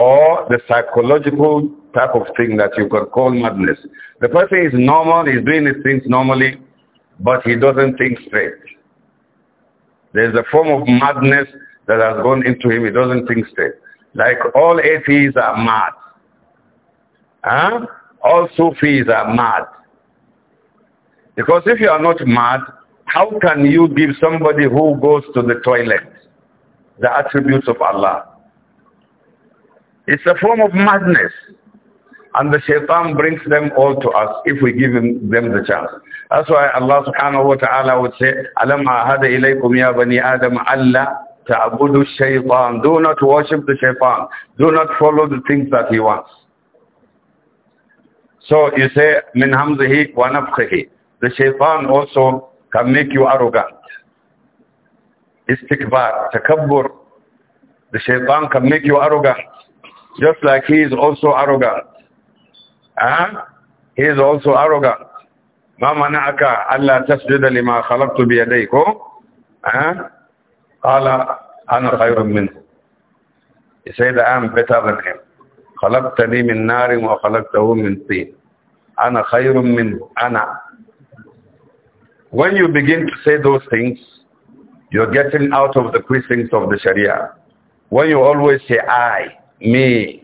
or the psychological type of thing that you can call madness. The person is normal, he's doing his things normally, but he doesn't think straight. There's a form of madness that has gone into him. He doesn't think straight. Like all atheists are mad. Huh? All Sufis are mad. Because if you are not mad, how can you give somebody who goes to the toilet the attributes of Allah? It's a form of madness. And the shaitan brings them all to us if we give them the chance. That's why Allah subhanahu wa ta'ala would say, أَلَمْ أَهَدَ إِلَيْكُمْ يَا بَنِي آدَمَ أَلَّا تَعْبُدُوا الشَّيْطَانِ Do not worship the shaitan. Do not follow the things that he wants. So you say, مِنْ هَمْزِهِ وَنَفْخِهِ The shaitan also can make you arrogant. Istikbar, takabbur. The shaitan can make you arrogant. Just like he is also arrogant. And he is also arrogant. ما منعك ألا تسجد لما خلقت بيديك قال أنا خير منه He said I am better than him خلقتني من نار وخلقته من طين أنا خير منه أنا When you begin to say those things, you're getting out of the precincts of the Sharia. When you always say I, me,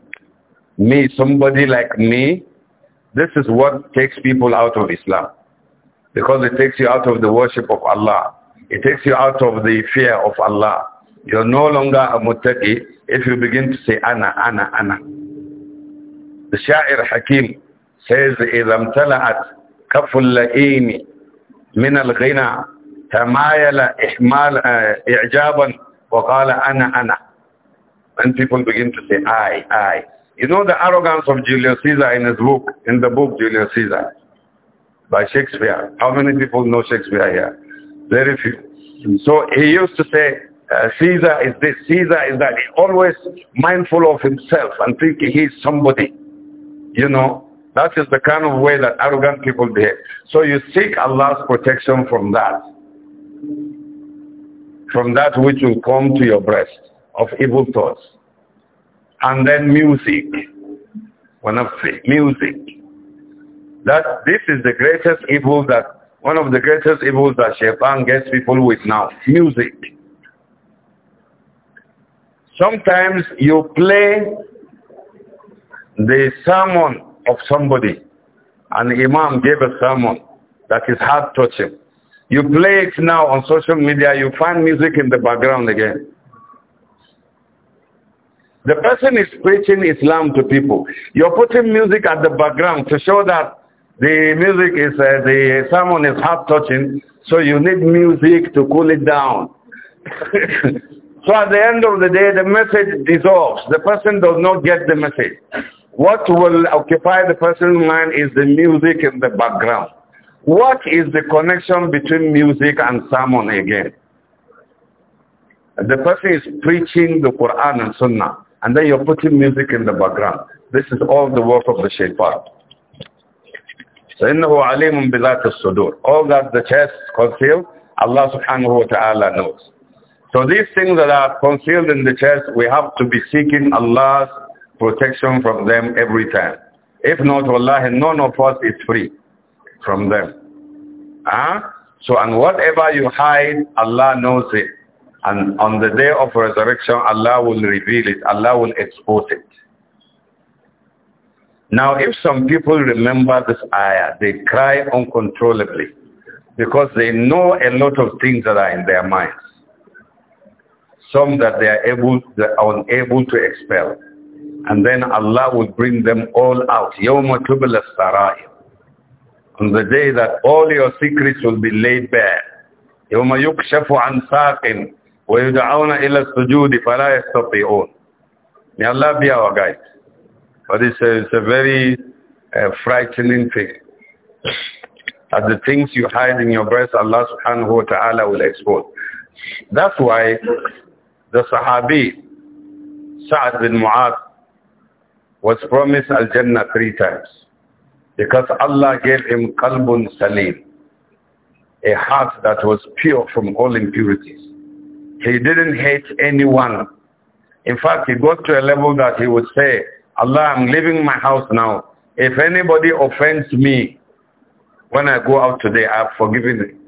me, somebody like me, this is what takes people out of Islam. Because it takes you out of the worship of Allah. It takes you out of the fear of Allah. You're no longer a muttaqi if you begin to say ana, ana, ana. The Sha'ir Hakim says, إِذَا امْتَلَأَتْ كَفُ اللَّئِيمِ من الغنى تمايل إحمال, إعجابا وقال أنا أنا and people begin to say I, I you know the arrogance of Julius Caesar in his book in the book Julius Caesar by Shakespeare how many people know Shakespeare here very few so he used to say uh, Caesar is this, Caesar is that. He always mindful of himself and thinking he's somebody. You know, that is the kind of way that arrogant people behave. So you seek Allah's protection from that. From that which will come to your breast of evil thoughts. And then music. One of music. That this is the greatest evil that one of the greatest evils that Shaitan gets people with now. Music. Sometimes you play the sermon of somebody. An imam gave a sermon that is heart-touching. You play it now on social media, you find music in the background again. The person is preaching Islam to people. You're putting music at the background to show that the music is, uh, the sermon is heart-touching, so you need music to cool it down. <laughs> so at the end of the day, the message dissolves. The person does not get the message. What will occupy the person's mind is the music in the background. What is the connection between music and sermon again? The person is preaching the Quran and Sunnah, and then you're putting music in the background. This is all the work of the shaitan. فإنه عليم بذات الصدور. All that the chest conceals, Allah subhanahu wa ta'ala knows. So these things that are concealed in the chest, we have to be seeking Allah's protection from them every time. If not, Allah, none of us is free from them. Huh? So, and whatever you hide, Allah knows it. And on the day of resurrection, Allah will reveal it. Allah will expose it. Now, if some people remember this ayah, they cry uncontrollably because they know a lot of things that are in their minds. Some that they are able, they are unable to expel. And then Allah will bring them all out. يَوْمَ تُبْلَ السَّرَائِرُ On the day that all your secrets will be laid bare. يَوْمَ يُكْشَفُ عَنْ سَاقٍ وَيُدْعَوْنَ إِلَى السُّجُودِ فَلَا يَسْتَطِعُونَ May Allah be our guide. But it's a, it's a very uh, frightening thing. As the things you hide in your breast, Allah subhanahu wa ta'ala will expose. That's why the Sahabi, Sa'ad bin Mu'adh, was promised Al-Jannah three times because Allah gave him Qalbun Salim, a heart that was pure from all impurities. He didn't hate anyone. In fact, he got to a level that he would say, Allah, I'm leaving my house now. If anybody offends me when I go out today, I've forgiven him.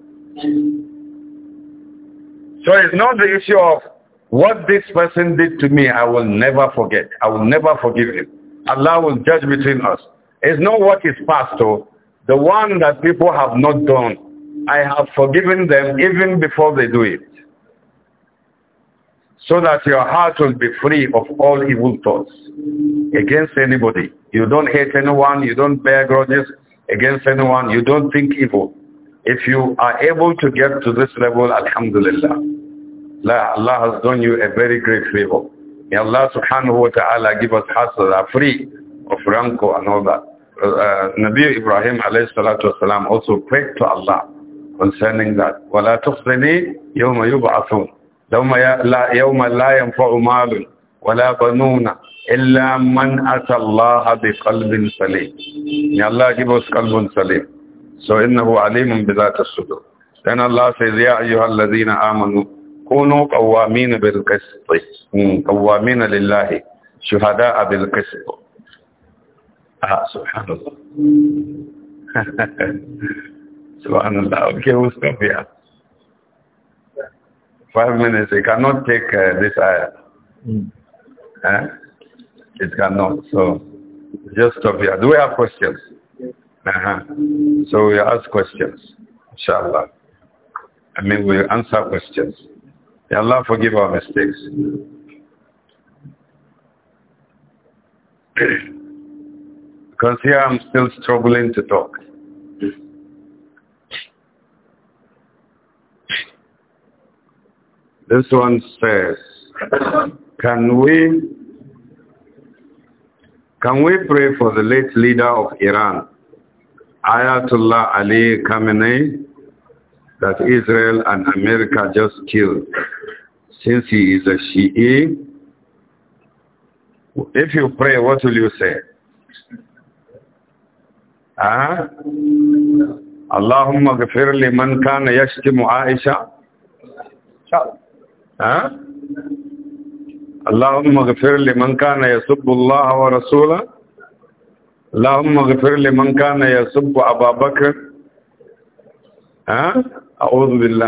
So it's not the issue of what this person did to me, I will never forget. I will never forgive him. Allah will judge between us. It's not what is past, though. The one that people have not done, I have forgiven them even before they do it. So that your heart will be free of all evil thoughts against anybody. You don't hate anyone. You don't bear grudges against anyone. You don't think evil. If you are able to get to this level, Alhamdulillah, Allah has done you a very great favor. May Allah subhanahu wa ta'ala give us hearts that are free of rancor and all that. Uh, Nabi Ibrahim alayhi salatu wasalam also prayed to Allah concerning that. وَلَا تُخْزِنِي يَوْمَ يُبْعَثُونَ يَوْمَ لَا يَنْفَعُ مَالٌ وَلَا بَنُونَ إِلَّا مَنْ أَتَى اللَّهَ بِقَلْبٍ سَلِيمٍ May Allah give us قلب سليم. So إِنَّهُ عَلِيمٌ بِذَاتِ الصُّدُورِ Then Allah says, يَا أَيُّهَا الَّذِينَ آمَنُوا كونوا قوامين بالقسط قوامين لله شهداء بالقسط آه سبحان الله سبحان الله okay we stop here five minutes it cannot take uh, this ayah mm. eh? it cannot so just stop here do we have questions uh -huh. so we ask questions inshallah I mean we answer questions May Allah forgive our mistakes. <clears throat> because here I'm still struggling to talk. This one says, can we can we pray for the late leader of Iran, Ayatollah Ali Khamenei, that Israel and America just killed. Since he is a Shi'i, if you pray, what will you say? Huh? Allahumma ghafir li man kana yashtimu Aisha. Huh? اللهم اغفر لمن كان يسب الله ورسوله اللهم اغفر لمن كان يسب ابا بكر ها I don't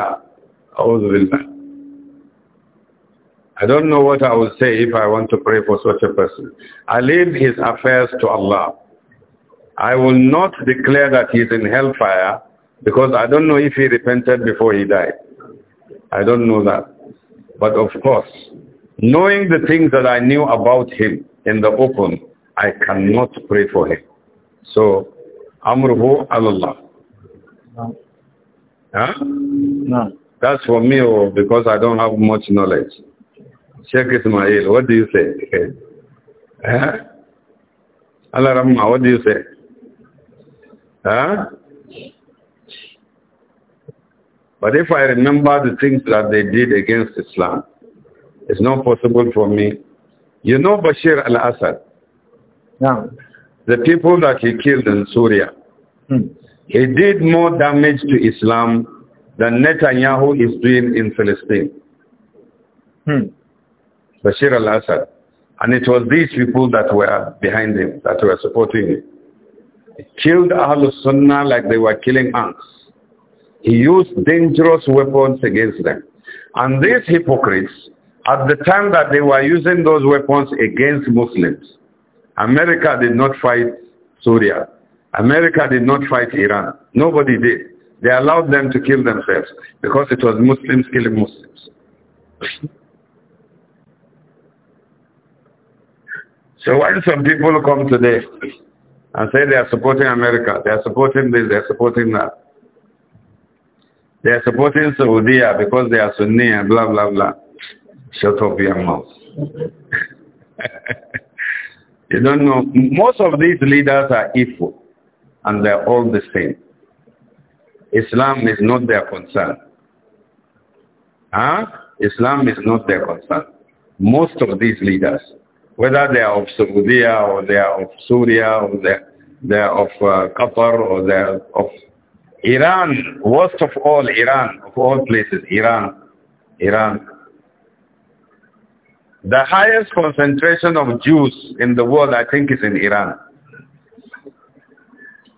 know what I will say if I want to pray for such a person. I leave his affairs to Allah. I will not declare that he is in hellfire because I don't know if he repented before he died. I don't know that. But of course, knowing the things that I knew about him in the open, I cannot pray for him. So, amruhu Allah. Huh? No. That's for me oh, because I don't have much knowledge. Sheikh Ismail, what do you say? huh? Allah Rahma, what do you say? Huh? But if I remember the things that they did against Islam, it's not possible for me. You know Bashir al-Assad? Yeah. The people that he killed in Syria. Hmm. He did more damage to Islam than Netanyahu is doing in Palestine. Hmm. Bashir al-Assad. And it was these people that were behind him, that were supporting him. He killed Ahlul Sunnah like they were killing ants. He used dangerous weapons against them. And these hypocrites, at the time that they were using those weapons against Muslims, America did not fight Syria. America did not fight Iran. Nobody did. They allowed them to kill themselves because it was Muslims killing Muslims. so when some people come today and say they are supporting America, they are supporting this, they are supporting that, they are supporting Saudi because they are Sunni and blah, blah, blah. Shut up your mouth. <laughs> you don't know. Most of these leaders are evil and they're all the same. Islam is not their concern. Huh? Islam is not their concern. Most of these leaders, whether they are of Saudi or they are of Syria or they, they are of uh, Qatar or they are of Iran, worst of all Iran, of all places, Iran, Iran. The highest concentration of Jews in the world, I think, is in Iran.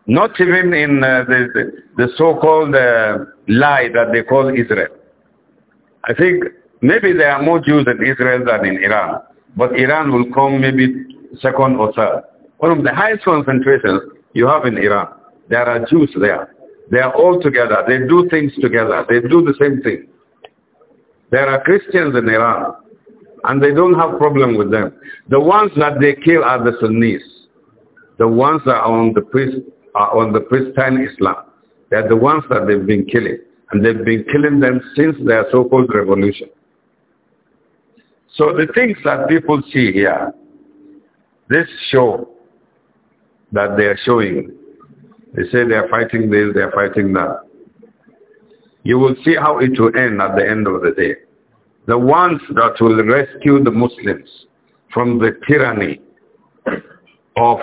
Not even in uh, the, the so-called uh, lie that they call Israel. I think maybe there are more Jews in Israel than in Iran. But Iran will come maybe second or third. One of the highest concentrations you have in Iran. There are Jews there. They are all together. They do things together. They do the same thing. There are Christians in Iran. And they don't have problem with them. The ones that they kill are the Sunnis. The ones that are on the priest are on the pristine Islam. They're the ones that they've been killing. And they've been killing them since their so-called revolution. So the things that people see here, this show that they are showing, they say they are fighting this, they are fighting that. You will see how it will end at the end of the day. The ones that will rescue the Muslims from the tyranny of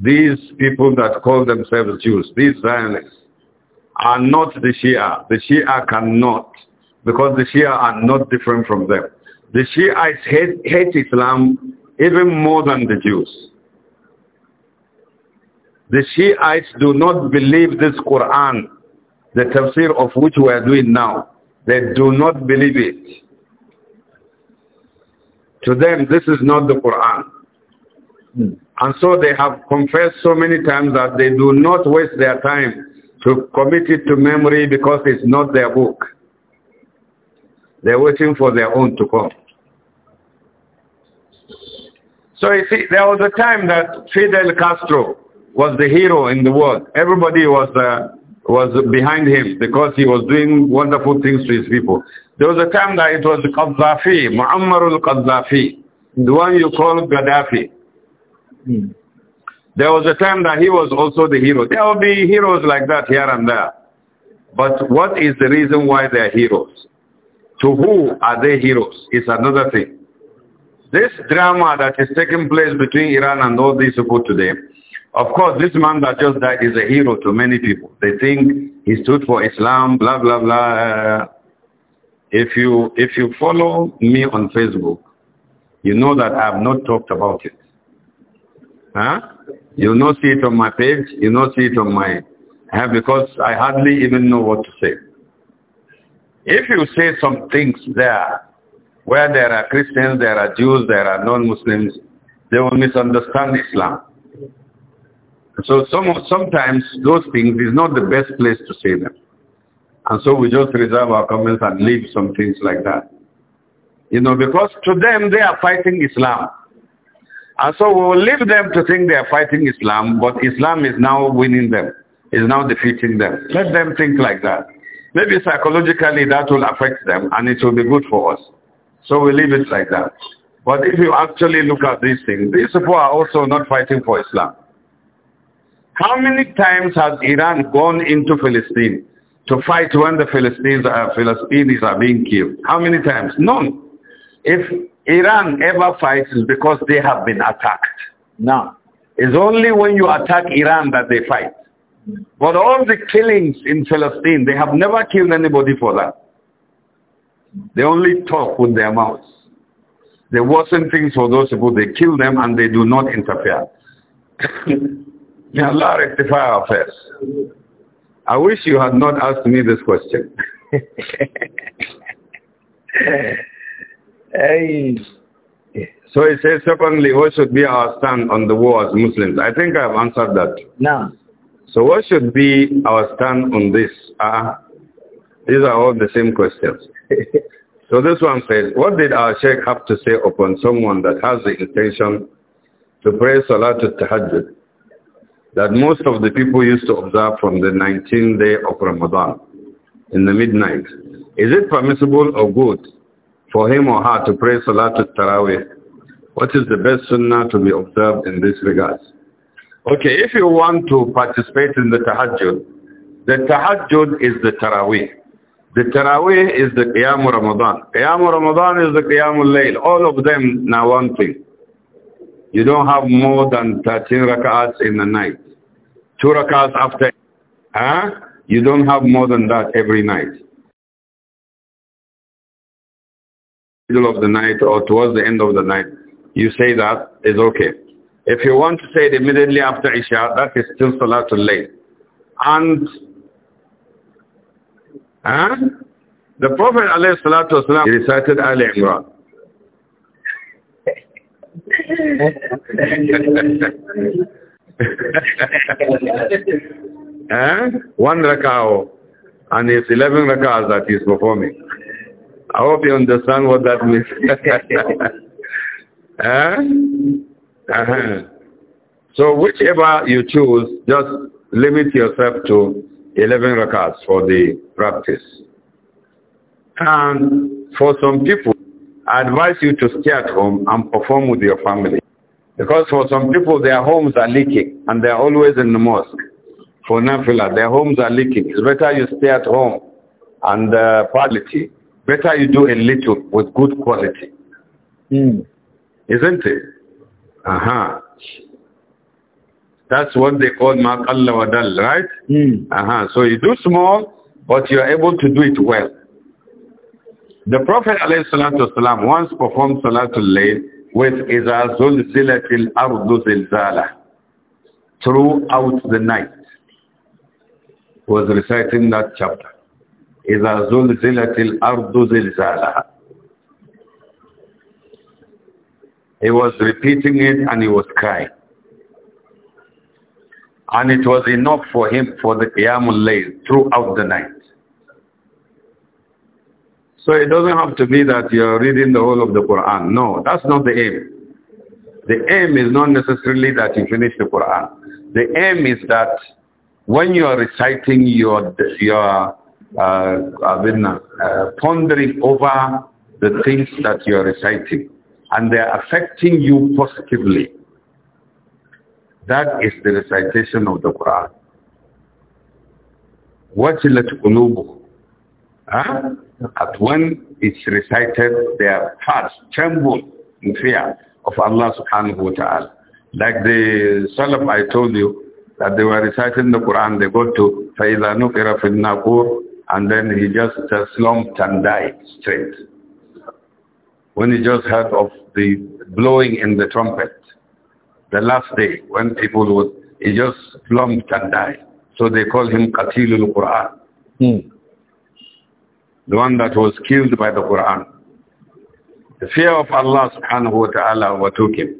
these people that call themselves Jews, these Zionists, are not the Shia. The Shia cannot, because the Shia are not different from them. The Shiites hate, hate Islam even more than the Jews. The Shiites do not believe this Quran, the tafsir of which we are doing now. They do not believe it. To them, this is not the Quran. And so they have confessed so many times that they do not waste their time to commit it to memory because it's not their book. They're waiting for their own to come. So you see, there was a time that Fidel Castro was the hero in the world. Everybody was uh, was behind him because he was doing wonderful things to his people. There was a time that it was Gaddafi, Muammar al-Gaddafi, the one you call Gaddafi. There was a time that he was also the hero. There will be heroes like that here and there. But what is the reason why they are heroes? To who are they heroes? It's another thing. This drama that is taking place between Iran and all these people today, of course, this man that just died is a hero to many people. They think he stood for Islam, blah, blah, blah. If you, if you follow me on Facebook, you know that I have not talked about it. Huh? You not see it on my page. You not see it on my... Huh? Because I hardly even know what to say. If you say some things there, where there are Christians, there are Jews, there are non-Muslims, they will misunderstand Islam. So some, sometimes those things is not the best place to say them. And so we just reserve our comments and leave some things like that. You know, because to them they are fighting Islam. And so we will leave them to think they are fighting Islam, but Islam is now winning them, is now defeating them. Let them think like that. Maybe psychologically that will affect them and it will be good for us. So we leave it like that. But if you actually look at these things, these people are also not fighting for Islam. How many times has Iran gone into Palestine to fight when the Philistines are, uh, Philistines are being killed? How many times? None. If Iran ever fights is because they have been attacked. Now, it's only when you attack Iran that they fight. But all the killings in Palestine, they have never killed anybody for that. They only talk with their mouths. They worsen things for those people. They kill them and they do not interfere. <coughs> May Allah rectify our affairs. I wish you had not asked me this question. <laughs> Hey. So he says, secondly, what should be our stand on the war as Muslims? I think I've answered that. No. So what should be our stand on this? Uh, these are all the same questions. <laughs> so this one says, what did our sheikh have to say upon someone that has the intention to pray Salatul Tahajjud that most of the people used to observe from the 19th day of Ramadan in the midnight? Is it permissible or good for him or her to pray Salatul Taraweeh? What is the best sunnah to be observed in this regard? Okay, if you want to participate in the tahajjud, the tahajjud is the Taraweeh. The Taraweeh is the Qiyam Ramadan. Qiyam Ramadan is the Qiyam Layl. All of them now one thing. You don't have more than 13 rak'ahs in the night. Two rak'ahs after. Huh? You don't have more than that every night. middle of the night or towards the end of the night, you say that is okay. If you want to say it immediately after Isha, that is still Salatul Layl. And huh? the Prophet والسلام, recited Al Imran. <laughs> Eh? One rak'ah and it's 11 rak'ahs that he's performing. I hope you understand what that means. <laughs> huh? uh -huh. So whichever you choose, just limit yourself to 11 rakats for the practice. And for some people, I advise you to stay at home and perform with your family. Because for some people, their homes are leaking and they're always in the mosque. For Nafila, their homes are leaking. It's better you stay at home and uh, Better you do a little with good quality. Mm. Isn't it? Uh-huh. That's what they call Mark Wadal, right? Mm. Uh-huh. So you do small, but you are able to do it well. The Prophet والسلام, once performed Salatul Layl with إِذَا زُلْزِلَتِ ardu zilzala throughout the night. He was reciting that chapter. إذا زلزلت الأرض زلزالها He was repeating it and he was crying. And it was enough for him for the Qiyamul Layl throughout the night. So it doesn't have to be that you're reading the whole of the Quran. No, that's not the aim. The aim is not necessarily that you finish the Quran. The aim is that when you are reciting your, your uh, uh, uh, pondering over the things that you are reciting and they are affecting you positively. That is the recitation of the Quran. وَجِلَتْ huh? At when it's recited, their hearts tremble in fear of Allah subhanahu wa ta'ala. Like the Salaf I told you, that they were reciting the Quran, they go to فَإِذَا نُقِرَ فِي and then he just slumped and died straight. When he just heard of the blowing in the trumpet, the last day when people would, he just slumped and died. So they call him Qatilul Quran. Hmm. The one that was killed by the Quran. The fear of Allah subhanahu wa ta'ala overtook him.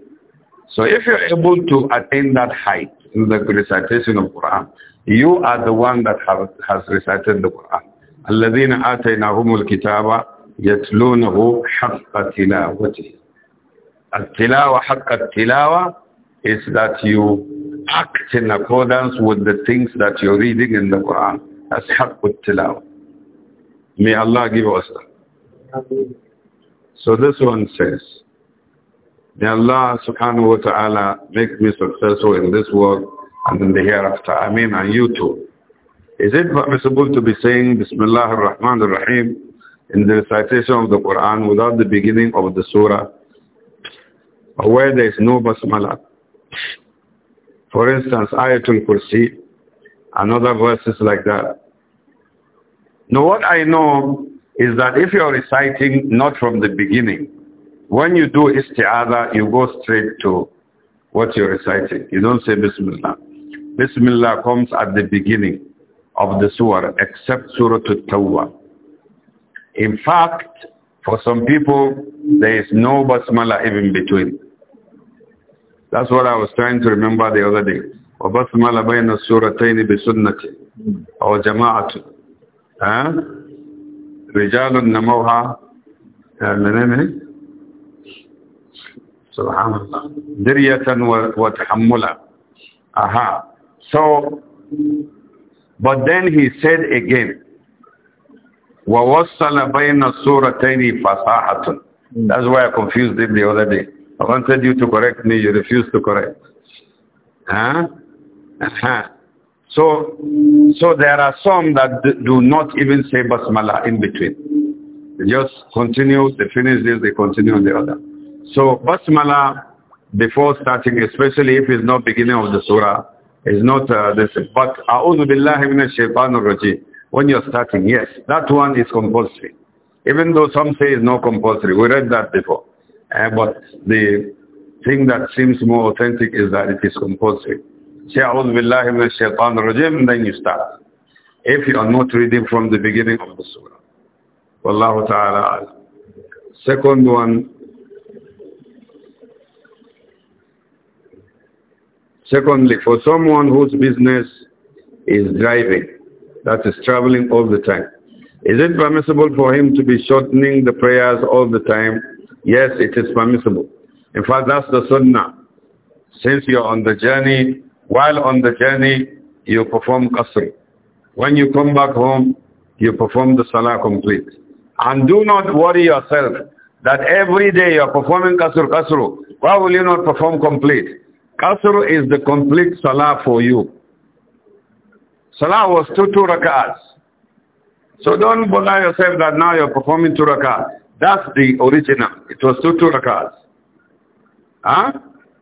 So if you're able to attain that height in the recitation of Quran, you are the one that have, has recited the Quran. الذين آتيناهم الكتاب يتلونه حق تلاوته. التلاوة حق التلاوة is that you act in accordance with the things that you're reading in the Quran. That's حق التلاوة. May Allah give us that. So this one says, May Allah subhanahu wa ta'ala make me successful in this work and in the hereafter. I mean, on YouTube, Is it permissible to be saying Bismillah ar-Rahman ar-Rahim in the recitation of the Quran without the beginning of the surah or where there is no basmala? For instance, Ayatul Kursi and other verses like that. Now what I know is that if you're reciting not from the beginning, when you do isti'adah, you go straight to what you're reciting. You don't say Bismillah. Bismillah comes at the beginning of the surah, except Surah tawbah In fact, for some people, there is no basmala even between. That's what I was trying to remember the other day. وَبَسْمَلَ بَيْنَ السُّورَتَيْنِ بِسُنَّةِ أو جماعة رجال نموها منين سبحان الله درية وتحملا أها so, but then he said again, وَوَصَّلَ بَيْنَ السُّورَتَيْنِ فَصَاحَةٌ hmm. That's why I confused it the other day. I wanted you to correct me, you refused to correct. Huh? huh So, so there are some that do not even say basmala in between. They just continue, they finish this, they continue the other. So basmala before starting, especially if it's not beginning of the surah, it's not uh, this. But A'udhu Billahi Minash Rajim. When you're starting, yes, that one is compulsory. Even though some say it's not compulsory. We read that before. Uh, but the thing that seems more authentic is that it is compulsory. Say A'udhu Billahi Minash Shaitanir Rajim, then you start. If you are not reading from the beginning of the surah. Wallahu ta'ala. Second one, Secondly, for someone whose business is driving, that is traveling all the time, is it permissible for him to be shortening the prayers all the time? Yes, it is permissible. In fact, that's the sunnah. Since you're on the journey, while on the journey, you perform qasr. When you come back home, you perform the salah complete. And do not worry yourself that every day you're performing qasr qasr. Why will you not perform complete? Qasr is the complete salah for you. Salah was two, two rak'ahs. So don't bother yourself that now you're performing two rak'ahs. That's the original. It was two, two rak'ahs. Huh?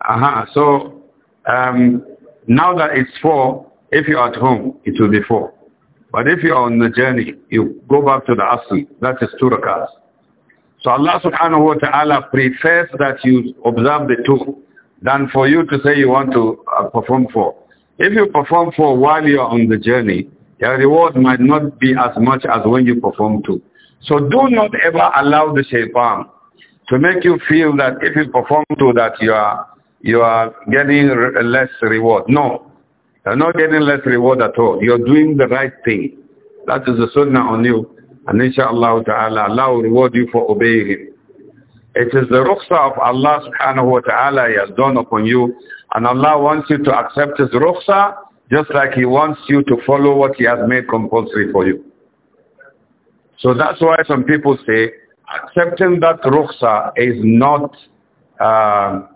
Uh-huh. So um, now that it's four, if you're at home, it will be four. But if you're on the journey, you go back to the asli. That is two rak'ahs. So Allah subhanahu wa ta'ala prefers that you observe the two than for you to say you want to uh, perform for. If you perform for while you're on the journey, your reward might not be as much as when you perform two. So do not ever allow the shaitan to make you feel that if you perform two that you are, you are getting re less reward. No, you're not getting less reward at all. You're doing the right thing. That is the sunnah on you. And inshallah ta'ala, Allah will reward you for obeying him. It is the rukhsa of Allah subhanahu wa ta'ala He has done upon you. And Allah wants you to accept His rukhsa, just like He wants you to follow what He has made compulsory for you. So that's why some people say accepting that rukhsa is not uh,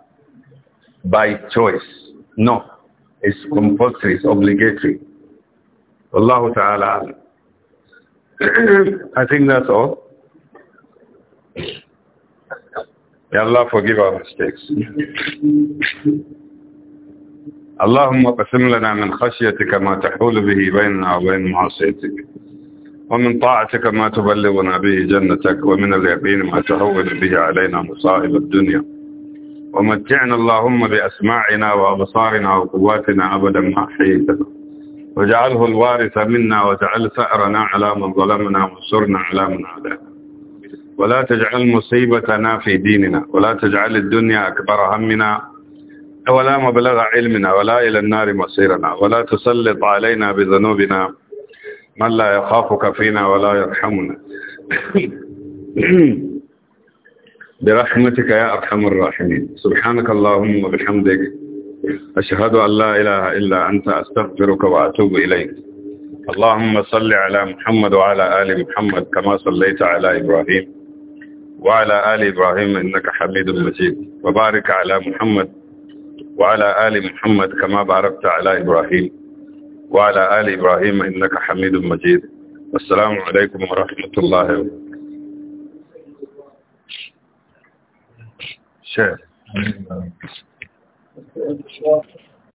by choice. No. It's compulsory. It's obligatory. Allah ta'ala. <clears throat> I think that's all. May Allah forgive our mistakes. اللهم اقسم لنا من خشيتك ما تحول به بيننا وبين معصيتك ومن طاعتك ما تبلغنا به جنتك ومن اليقين ما تهون به علينا مصائب الدنيا ومتعنا اللهم بأسماعنا وأبصارنا وقواتنا أبدا ما حييتنا واجعله الوارث منا واجعل ثأرنا على من ظلمنا وانصرنا على من عداك ولا تجعل مصيبتنا في ديننا ولا تجعل الدنيا أكبر همنا ولا مبلغ علمنا ولا إلى النار مصيرنا ولا تسلط علينا بذنوبنا من لا يخافك فينا ولا يرحمنا <clears throat> برحمتك يا أرحم الراحمين سبحانك اللهم وبحمدك أشهد أن لا إله إلا أنت أستغفرك وأتوب إليك اللهم صل على محمد وعلى آل محمد كما صليت على إبراهيم وعلى آل إبراهيم إنك حميد مجيد وبارك على محمد وعلى آل محمد كما باركت على إبراهيم وعلى آل إبراهيم إنك حميد مجيد والسلام عليكم ورحمة الله شيخ